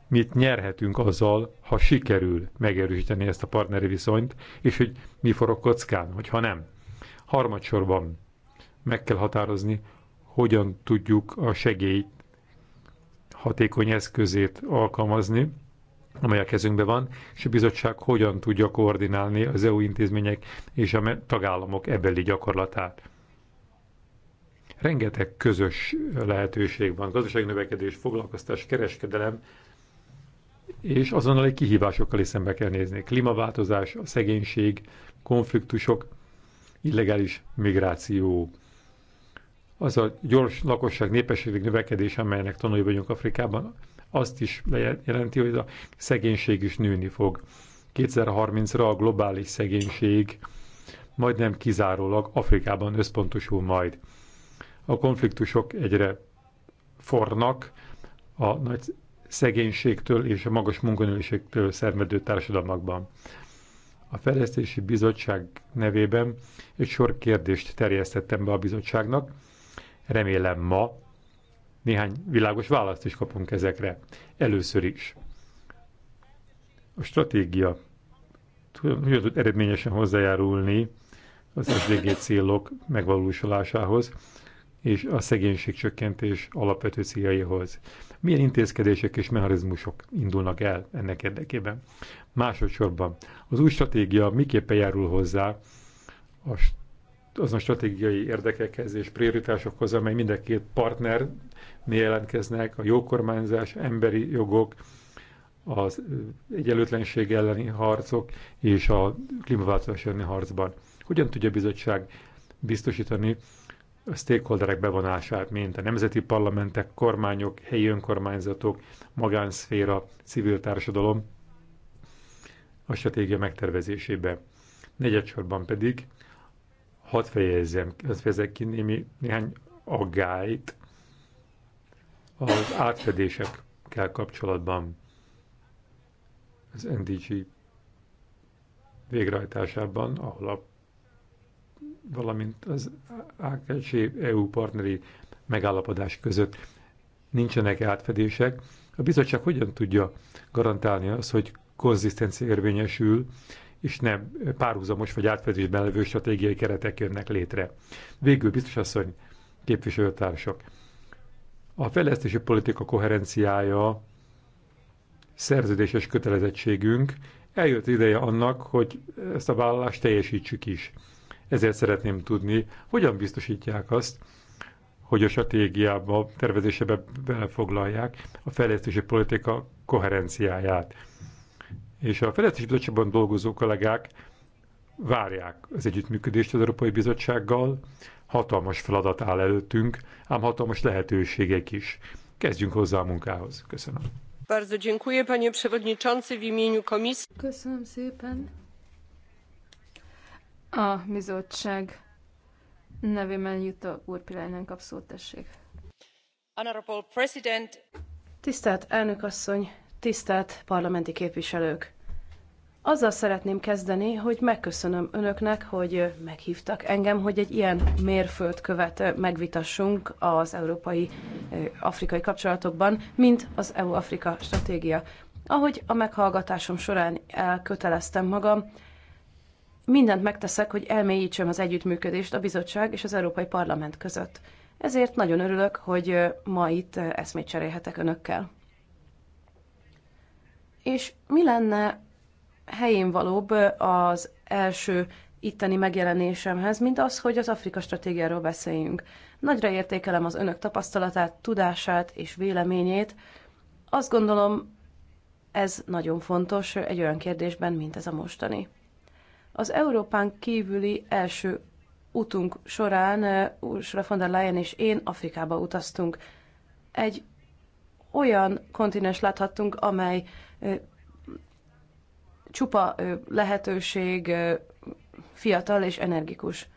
mit nyerhetünk azzal, ha sikerül megerősíteni ezt a partneri viszonyt, és hogy mi forog kockán, hogyha ha nem. Harmadsorban meg kell határozni, hogyan tudjuk a segélyt hatékony eszközét alkalmazni, amely a kezünkben van, és a bizottság hogyan tudja koordinálni az EU intézmények és a tagállamok ebbeli gyakorlatát. Rengeteg közös lehetőség van, gazdasági növekedés, foglalkoztás, kereskedelem, és azonnali kihívásokkal is szembe kell nézni. Klímaváltozás, szegénység, konfliktusok, illegális migráció. Az a gyors lakosság népesség növekedés, amelynek tanulja vagyunk Afrikában, azt is jelenti, hogy a szegénység is nőni fog. 2030-ra a globális szegénység majdnem kizárólag Afrikában összpontosul majd. A konfliktusok egyre fornak, a nagy szegénységtől és a magas munkanőségtől szermedő társadalmakban. A Fejlesztési Bizottság nevében egy sor kérdést terjesztettem be a bizottságnak. Remélem ma néhány világos választ is kapunk ezekre. Először is. A stratégia hogyan tud eredményesen hozzájárulni az SDG célok megvalósulásához és a szegénység csökkentés alapvető céljaihoz. Milyen intézkedések és mechanizmusok indulnak el ennek érdekében? Másodszorban az új stratégia miképpen járul hozzá a azon stratégiai érdekekhez és prioritásokhoz, amely mind a két partner jelentkeznek, a jó kormányzás, emberi jogok, az egyenlőtlenség elleni harcok és a klímaváltozás elleni harcban. Hogyan tudja a bizottság biztosítani a stakeholderek bevonását, mint a nemzeti parlamentek, kormányok, helyi önkormányzatok, magánszféra, civil társadalom a stratégia megtervezésébe. Negyedsorban pedig Hadd fejezzem, hadd fejezzem ki némi, néhány aggályt az átfedésekkel kapcsolatban az NDG végrehajtásában, ahol a, valamint az AKC EU partneri megállapodás között nincsenek átfedések. A bizottság hogyan tudja garantálni azt, hogy konzisztencia érvényesül és nem párhuzamos vagy átfedésben levő stratégiai keretek jönnek létre. Végül biztos asszony, képviselőtársak, a fejlesztési politika koherenciája szerződéses kötelezettségünk, eljött ideje annak, hogy ezt a vállalást teljesítsük is. Ezért szeretném tudni, hogyan biztosítják azt, hogy a stratégiába, tervezésebe belefoglalják a fejlesztési politika koherenciáját és a Fejlesztési Bizottságban dolgozó kollégák várják az együttműködést az Európai Bizottsággal, hatalmas feladat áll előttünk, ám hatalmas lehetőségek is. Kezdjünk hozzá a munkához. Köszönöm. Bardzo dziękuję, panie przewodniczący, w imieniu komisji. Köszönöm szépen. A bizottság nevében jut a úr Pilájnán kap szót, tessék. Honorable President. Tisztelt elnök asszony, tisztelt parlamenti képviselők! Azzal szeretném kezdeni, hogy megköszönöm önöknek, hogy meghívtak engem, hogy egy ilyen mérföldkövet megvitassunk az európai afrikai kapcsolatokban, mint az EU-Afrika stratégia. Ahogy a meghallgatásom során elköteleztem magam, mindent megteszek, hogy elmélyítsem az együttműködést a bizottság és az Európai Parlament között. Ezért nagyon örülök, hogy ma itt eszmét cserélhetek önökkel. És mi lenne helyén valóbb az első itteni megjelenésemhez, mint az, hogy az Afrika stratégiáról beszéljünk. Nagyra értékelem az önök tapasztalatát, tudását és véleményét. Azt gondolom, ez nagyon fontos egy olyan kérdésben, mint ez a mostani. Az Európán kívüli első utunk során Ursula von der Leyen és én Afrikába utaztunk. Egy olyan kontinens láthattunk, amely csupa lehetőség fiatal és energikus.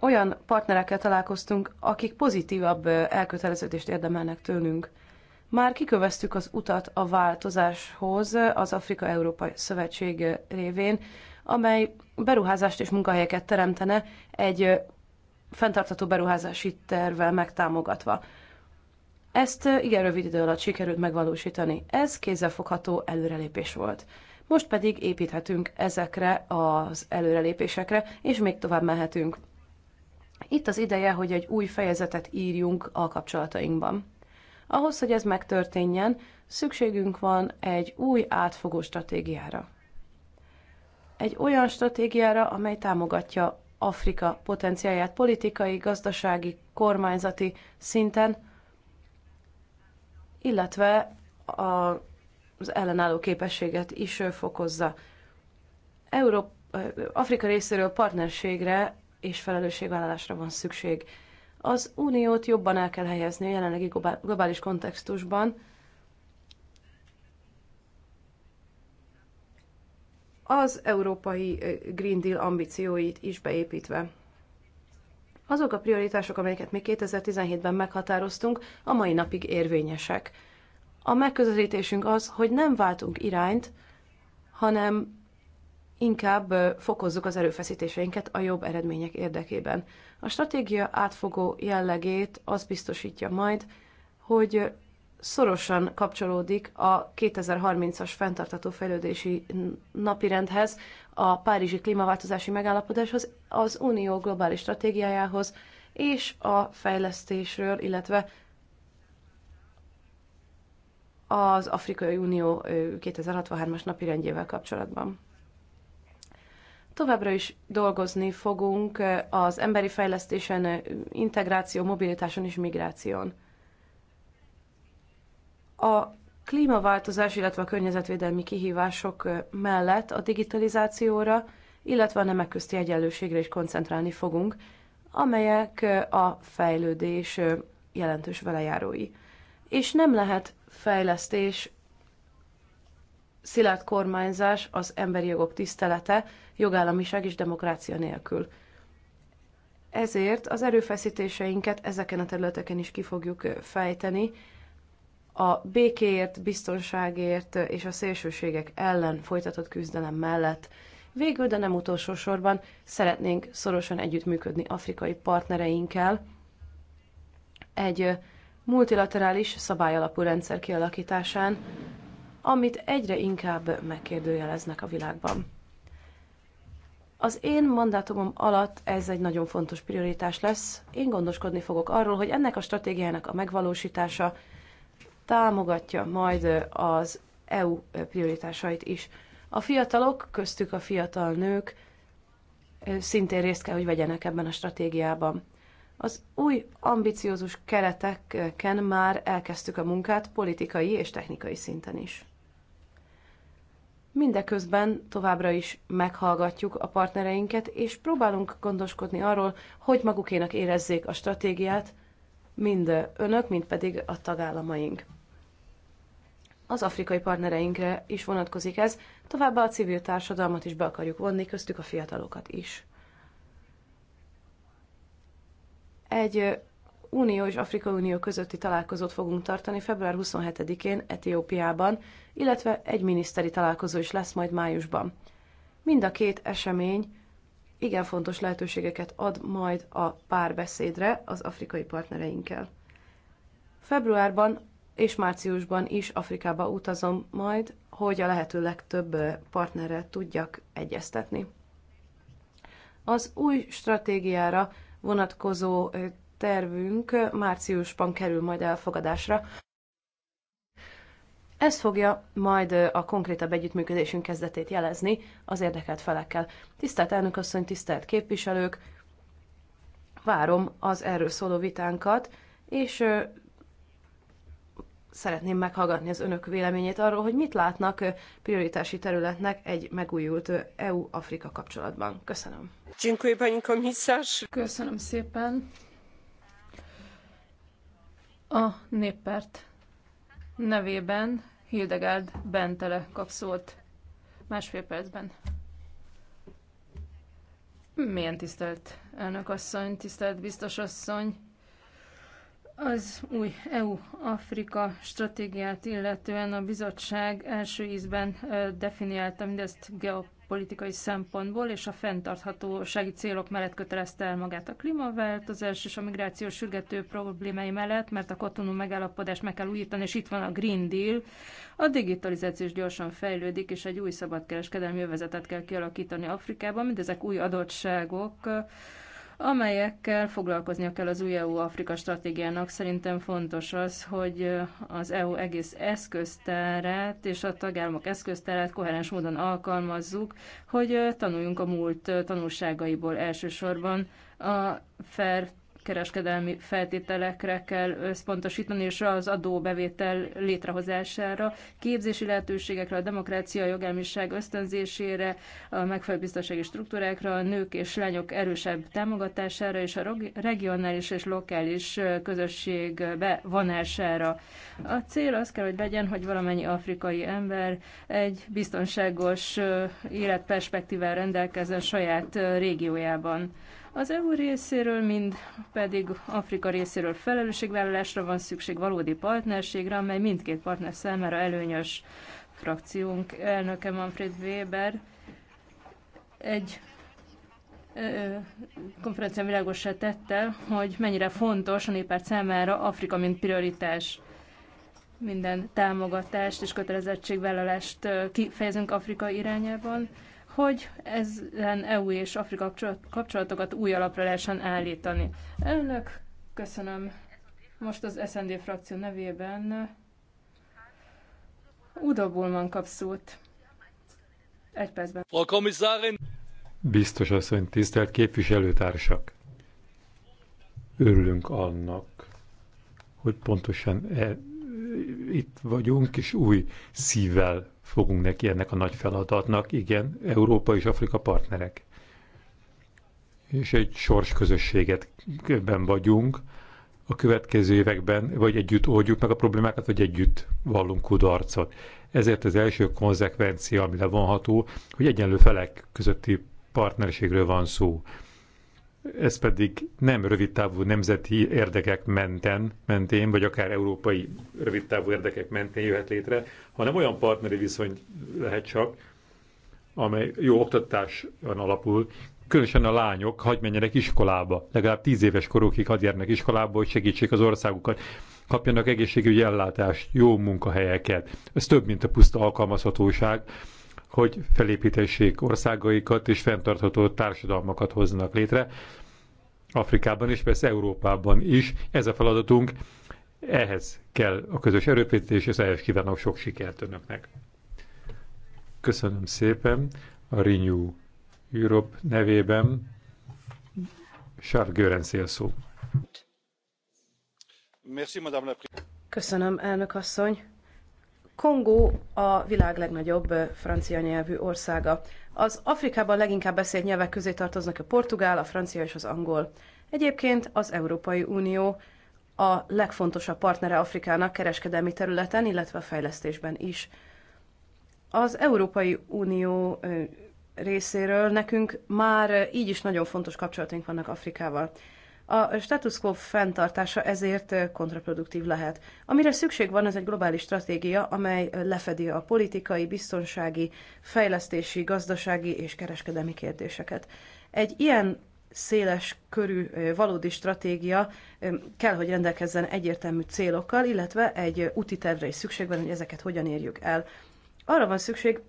Olyan partnerekkel találkoztunk, akik pozitívabb elköteleződést érdemelnek tőlünk. Már kiköveztük az utat a változáshoz az Afrika-Európai Szövetség révén, amely beruházást és munkahelyeket teremtene egy fenntartható beruházási tervvel megtámogatva. Ezt igen rövid idő alatt sikerült megvalósítani. Ez kézzelfogható előrelépés volt. Most pedig építhetünk ezekre az előrelépésekre, és még tovább mehetünk. Itt az ideje, hogy egy új fejezetet írjunk a kapcsolatainkban. Ahhoz, hogy ez megtörténjen, szükségünk van egy új átfogó stratégiára. Egy olyan stratégiára, amely támogatja Afrika potenciáját politikai, gazdasági, kormányzati szinten, illetve a, az ellenálló képességet is fokozza. Európa, Afrika részéről partnerségre és felelősségvállalásra van szükség. Az uniót jobban el kell helyezni a jelenlegi globális kontextusban. Az európai Green Deal ambícióit is beépítve. Azok a prioritások, amelyeket mi 2017-ben meghatároztunk, a mai napig érvényesek. A megközelítésünk az, hogy nem váltunk irányt, hanem inkább fokozzuk az erőfeszítéseinket a jobb eredmények érdekében. A stratégia átfogó jellegét az biztosítja majd, hogy szorosan kapcsolódik a 2030-as fenntartató fejlődési napirendhez, a Párizsi klímaváltozási megállapodáshoz, az Unió globális stratégiájához és a fejlesztésről, illetve az Afrikai Unió 2063-as napirendjével kapcsolatban. Továbbra is dolgozni fogunk az emberi fejlesztésen, integráció, mobilitáson és migráción. A klímaváltozás, illetve a környezetvédelmi kihívások mellett a digitalizációra, illetve a nemek közti egyenlőségre is koncentrálni fogunk, amelyek a fejlődés jelentős velejárói. És nem lehet fejlesztés, szilárd kormányzás, az emberi jogok tisztelete, jogállamiság és demokrácia nélkül. Ezért az erőfeszítéseinket ezeken a területeken is ki fogjuk fejteni, a békéért, biztonságért és a szélsőségek ellen folytatott küzdelem mellett. Végül, de nem utolsó sorban szeretnénk szorosan együttműködni afrikai partnereinkkel egy multilaterális szabályalapú rendszer kialakításán, amit egyre inkább megkérdőjeleznek a világban. Az én mandátumom alatt ez egy nagyon fontos prioritás lesz. Én gondoskodni fogok arról, hogy ennek a stratégiának a megvalósítása támogatja majd az EU prioritásait is. A fiatalok, köztük a fiatal nők szintén részt kell, hogy vegyenek ebben a stratégiában. Az új ambiciózus kereteken már elkezdtük a munkát politikai és technikai szinten is. Mindeközben továbbra is meghallgatjuk a partnereinket, és próbálunk gondoskodni arról, hogy magukénak érezzék a stratégiát, mind önök, mind pedig a tagállamaink az afrikai partnereinkre is vonatkozik ez, továbbá a civil társadalmat is be akarjuk vonni, köztük a fiatalokat is. Egy Unió és Afrika Unió közötti találkozót fogunk tartani február 27-én Etiópiában, illetve egy miniszteri találkozó is lesz majd májusban. Mind a két esemény igen fontos lehetőségeket ad majd a párbeszédre az afrikai partnereinkkel. Februárban és márciusban is Afrikába utazom majd, hogy a lehető legtöbb partnerrel tudjak egyeztetni. Az új stratégiára vonatkozó tervünk márciusban kerül majd elfogadásra. Ez fogja majd a konkrétabb együttműködésünk kezdetét jelezni az érdekelt felekkel. Tisztelt elnökasszony, tisztelt képviselők, várom az erről szóló vitánkat, és szeretném meghallgatni az önök véleményét arról, hogy mit látnak prioritási területnek egy megújult EU-Afrika kapcsolatban. Köszönöm. Köszönöm szépen. A néppárt nevében Hildegard Bentele kap szót másfél percben. Milyen tisztelt elnök asszony, tisztelt biztos asszony, az új EU-Afrika stratégiát illetően a bizottság első ízben definiálta mindezt geopolitikai szempontból, és a fenntarthatósági célok mellett kötelezte el magát a klímaváltozás és a migráció sürgető problémái mellett, mert a kotonú megállapodást meg kell újítani, és itt van a Green Deal. A digitalizáció is gyorsan fejlődik, és egy új szabadkereskedelmi övezetet kell kialakítani Afrikában. Mindezek új adottságok, amelyekkel foglalkoznia kell az új EU-Afrika stratégiának. Szerintem fontos az, hogy az EU egész eszköztárát és a tagállamok eszköztárát koherens módon alkalmazzuk, hogy tanuljunk a múlt tanulságaiból elsősorban a fair kereskedelmi feltételekre kell összpontosítani, és az adóbevétel létrehozására, képzési lehetőségekre, a demokrácia, a jogelmiság ösztönzésére, a megfelelő biztonsági struktúrákra, a nők és lányok erősebb támogatására és a regionális és lokális közösség bevonására. A cél az kell, hogy legyen, hogy valamennyi afrikai ember egy biztonságos életperspektívvel rendelkezzen saját régiójában. Az EU részéről, mind pedig Afrika részéről felelősségvállalásra van szükség valódi partnerségre, amely mindkét partner számára előnyös frakciónk elnöke Manfred Weber egy konferencián világosra tette, hogy mennyire fontos a néppárt számára Afrika, mint prioritás. Minden támogatást és kötelezettségvállalást kifejezünk Afrika irányában hogy ezen EU és Afrika kapcsolatokat új alapra lehessen állítani. Elnök, köszönöm. Most az SND frakció nevében Udo Bullman kap szót. Egy percben. Biztos asszony, tisztelt képviselőtársak! Örülünk annak, hogy pontosan e, itt vagyunk, és új szívvel fogunk neki ennek a nagy feladatnak, igen, Európa és Afrika partnerek. És egy sors közösséget ben vagyunk, a következő években vagy együtt oldjuk meg a problémákat, vagy együtt vallunk kudarcot. Ezért az első konzekvencia, ami levonható, hogy egyenlő felek közötti partnerségről van szó ez pedig nem rövidtávú nemzeti érdekek menten, mentén, vagy akár európai rövidtávú érdekek mentén jöhet létre, hanem olyan partneri viszony lehet csak, amely jó oktatáson alapul, különösen a lányok hagy menjenek iskolába, legalább tíz éves korukig hadd járnak iskolába, hogy segítsék az országukat, kapjanak egészségügyi ellátást, jó munkahelyeket. Ez több, mint a puszta alkalmazhatóság, hogy felépítessék országaikat és fenntartható társadalmakat hoznak létre. Afrikában és persze Európában is. Ez a feladatunk, ehhez kell a közös erőfeszítés, és ehhez kívánok sok sikert önöknek. Köszönöm szépen a Renew Europe nevében. Charles Gören szó. Köszönöm, elnök asszony. Kongó a világ legnagyobb francia nyelvű országa. Az Afrikában leginkább beszélt nyelvek közé tartoznak a portugál, a francia és az angol. Egyébként az Európai Unió a legfontosabb partnere Afrikának kereskedelmi területen, illetve a fejlesztésben is. Az Európai Unió részéről nekünk már így is nagyon fontos kapcsolataink vannak Afrikával. A status quo fenntartása ezért kontraproduktív lehet. Amire szükség van, ez egy globális stratégia, amely lefedi a politikai, biztonsági, fejlesztési, gazdasági és kereskedelmi kérdéseket. Egy ilyen széles körű valódi stratégia kell, hogy rendelkezzen egyértelmű célokkal, illetve egy úti tervre is szükség van, hogy ezeket hogyan érjük el. Arra van szükség,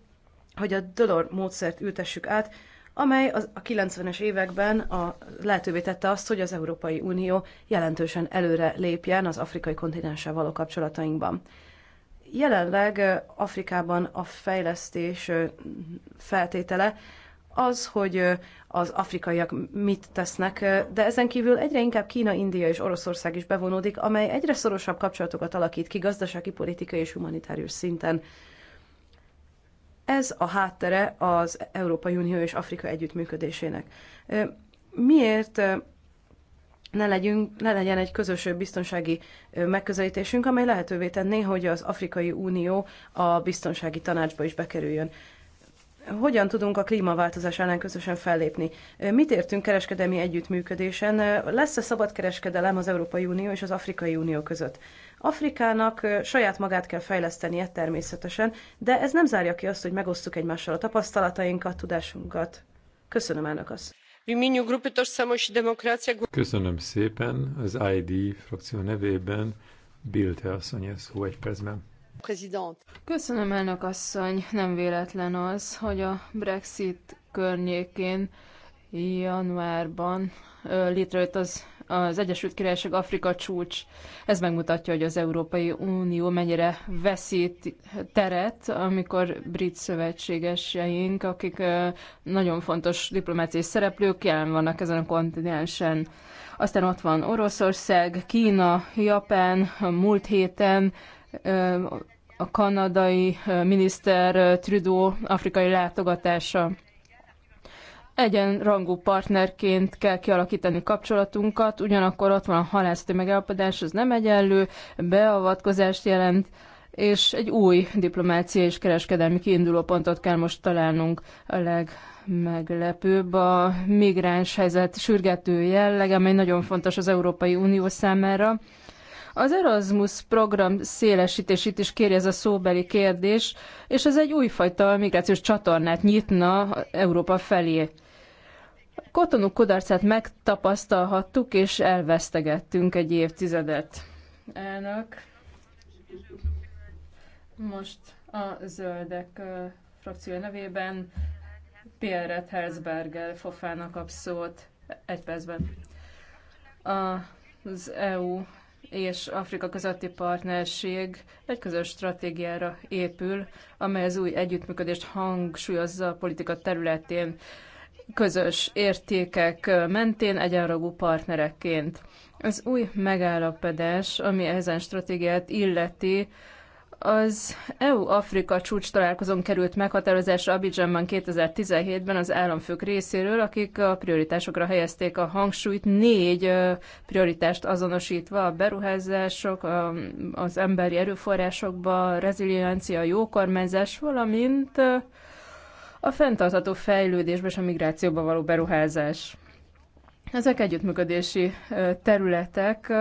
hogy a Dolor módszert ültessük át, amely az, a 90-es években a, lehetővé tette azt, hogy az Európai Unió jelentősen előre lépjen az afrikai kontinenssel való kapcsolatainkban. Jelenleg Afrikában a fejlesztés feltétele az, hogy az afrikaiak mit tesznek, de ezen kívül egyre inkább Kína, India és Oroszország is bevonódik, amely egyre szorosabb kapcsolatokat alakít ki gazdasági, politikai és humanitárius szinten ez a háttere az Európai Unió és Afrika együttműködésének. Miért ne, legyünk, ne legyen egy közös biztonsági megközelítésünk, amely lehetővé tenné, hogy az Afrikai Unió a biztonsági tanácsba is bekerüljön. Hogyan tudunk a klímaváltozás ellen közösen fellépni? Mit értünk kereskedelmi együttműködésen? Lesz-e szabadkereskedelem az Európai Unió és az Afrikai Unió között? Afrikának saját magát kell fejlesztenie természetesen, de ez nem zárja ki azt, hogy megosztjuk egymással a tapasztalatainkat, tudásunkat. Köszönöm, elnök azt. Köszönöm szépen az ID frakció nevében. Bilte asszony, ez szó egy percben. Köszönöm, elnök asszony. Nem véletlen az, hogy a Brexit környékén januárban létrejött az az Egyesült Királyság Afrika csúcs. Ez megmutatja, hogy az Európai Unió mennyire veszít teret, amikor brit szövetségeseink, akik nagyon fontos diplomáciai szereplők jelen vannak ezen a kontinensen. Aztán ott van Oroszország, Kína, Japán, múlt héten a kanadai miniszter Trudeau afrikai látogatása egyenrangú partnerként kell kialakítani kapcsolatunkat, ugyanakkor ott van a halászti megállapodás, az nem egyenlő, beavatkozást jelent, és egy új diplomácia és kereskedelmi kiindulópontot kell most találnunk a legmeglepőbb. A migráns helyzet sürgető jellege, amely nagyon fontos az Európai Unió számára. Az Erasmus program szélesítését is kéri ez a szóbeli kérdés, és ez egy újfajta migrációs csatornát nyitna Európa felé. Kotonú kudarcát megtapasztalhattuk, és elvesztegettünk egy évtizedet. Elnök. Most a zöldek frakció nevében Pierre Herzberger Fofának kap szót egy percben. A, az EU és Afrika közötti partnerség egy közös stratégiára épül, amely az új együttműködést hangsúlyozza a politika területén közös értékek mentén egyenragú partnerekként. Az új megállapodás, ami ezen stratégiát illeti, az EU-Afrika csúcs találkozón került meghatározásra Abidjanban 2017-ben az államfők részéről, akik a prioritásokra helyezték a hangsúlyt, négy prioritást azonosítva, a beruházások, az emberi erőforrásokba, reziliencia, a jó kormányzás, valamint a fenntartható fejlődésbe és a migrációba való beruházás. Ezek együttműködési területek,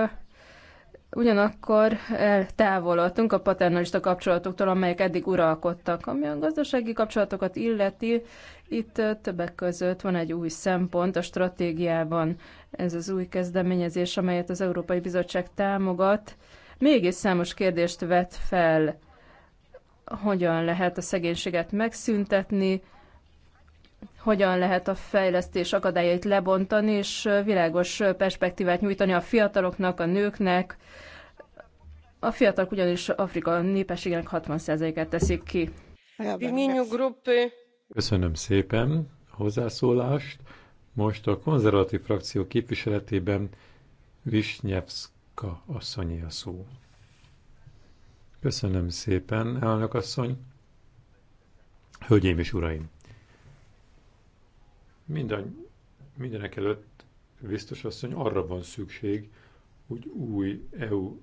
Ugyanakkor eh, távolodtunk a paternalista kapcsolatoktól, amelyek eddig uralkodtak. Ami a gazdasági kapcsolatokat illeti, itt eh, többek között van egy új szempont a stratégiában. Ez az új kezdeményezés, amelyet az Európai Bizottság támogat, mégis számos kérdést vet fel, hogyan lehet a szegénységet megszüntetni, hogyan lehet a fejlesztés akadályait lebontani, és világos perspektívát nyújtani a fiataloknak, a nőknek. A fiatalok ugyanis Afrika népességének 60%-át teszik ki. Köszönöm szépen a hozzászólást. Most a konzervatív frakció képviseletében Visnyevska asszonyi a szó. Köszönöm szépen, elnök asszony. Hölgyeim és uraim! Minden, mindenek előtt biztos hogy arra van szükség, hogy új EU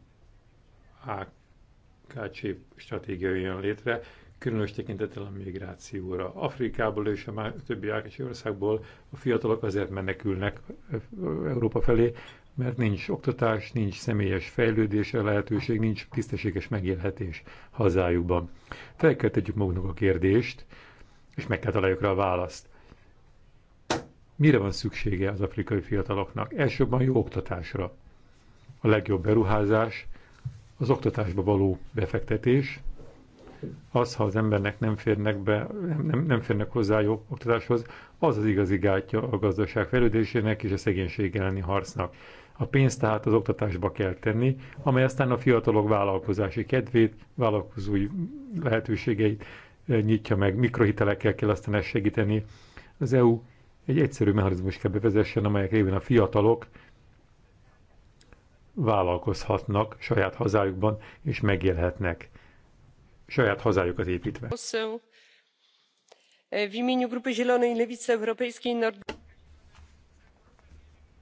AKC stratégia jön létre, különös tekintettel a migrációra. Afrikából és a többi AKC országból a fiatalok azért menekülnek Európa felé, mert nincs oktatás, nincs személyes fejlődése lehetőség, nincs tisztességes megélhetés hazájukban. Fel kell tegyük magunknak a kérdést, és meg kell találjuk rá a választ. Mire van szüksége az afrikai fiataloknak? Elsőbben jó oktatásra. A legjobb beruházás az oktatásba való befektetés, az, ha az embernek nem férnek, be, nem, nem férnek hozzá jó oktatáshoz, az az igazi gátja a gazdaság fejlődésének és a szegénység elleni harcnak. A pénzt tehát az oktatásba kell tenni, amely aztán a fiatalok vállalkozási kedvét, vállalkozói lehetőségeit eh, nyitja meg, mikrohitelekkel kell aztán ezt segíteni. Az EU egy egyszerű mechanizmus kell bevezessen, amelyek révén a fiatalok vállalkozhatnak saját hazájukban, és megélhetnek saját hazájukat építve.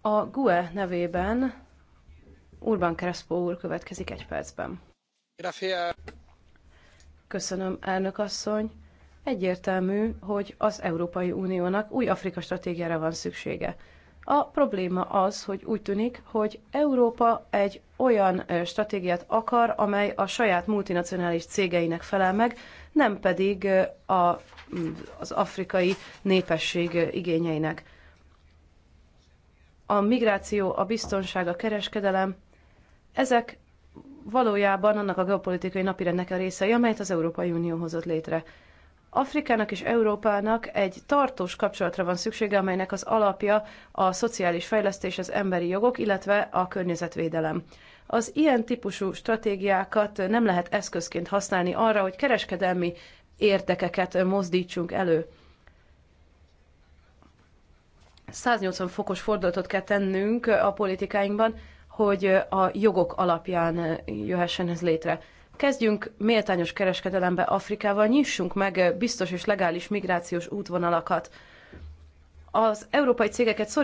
A GUE nevében Urban Crespo úr következik egy percben. Köszönöm, elnök asszony. Egyértelmű, hogy az Európai Uniónak új Afrika stratégiára van szüksége. A probléma az, hogy úgy tűnik, hogy Európa egy olyan stratégiát akar, amely a saját multinacionális cégeinek felel meg, nem pedig a, az afrikai népesség igényeinek. A migráció, a biztonság, a kereskedelem, ezek valójában annak a geopolitikai napirendnek a részei, amelyet az Európai Unió hozott létre. Afrikának és Európának egy tartós kapcsolatra van szüksége, amelynek az alapja a szociális fejlesztés, az emberi jogok, illetve a környezetvédelem. Az ilyen típusú stratégiákat nem lehet eszközként használni arra, hogy kereskedelmi érdekeket mozdítsunk elő. 180 fokos fordulatot kell tennünk a politikáinkban, hogy a jogok alapján jöhessen ez létre. Kezdjünk méltányos kereskedelembe Afrikával, nyissunk meg biztos és legális migrációs útvonalakat. Az európai cégeket szorít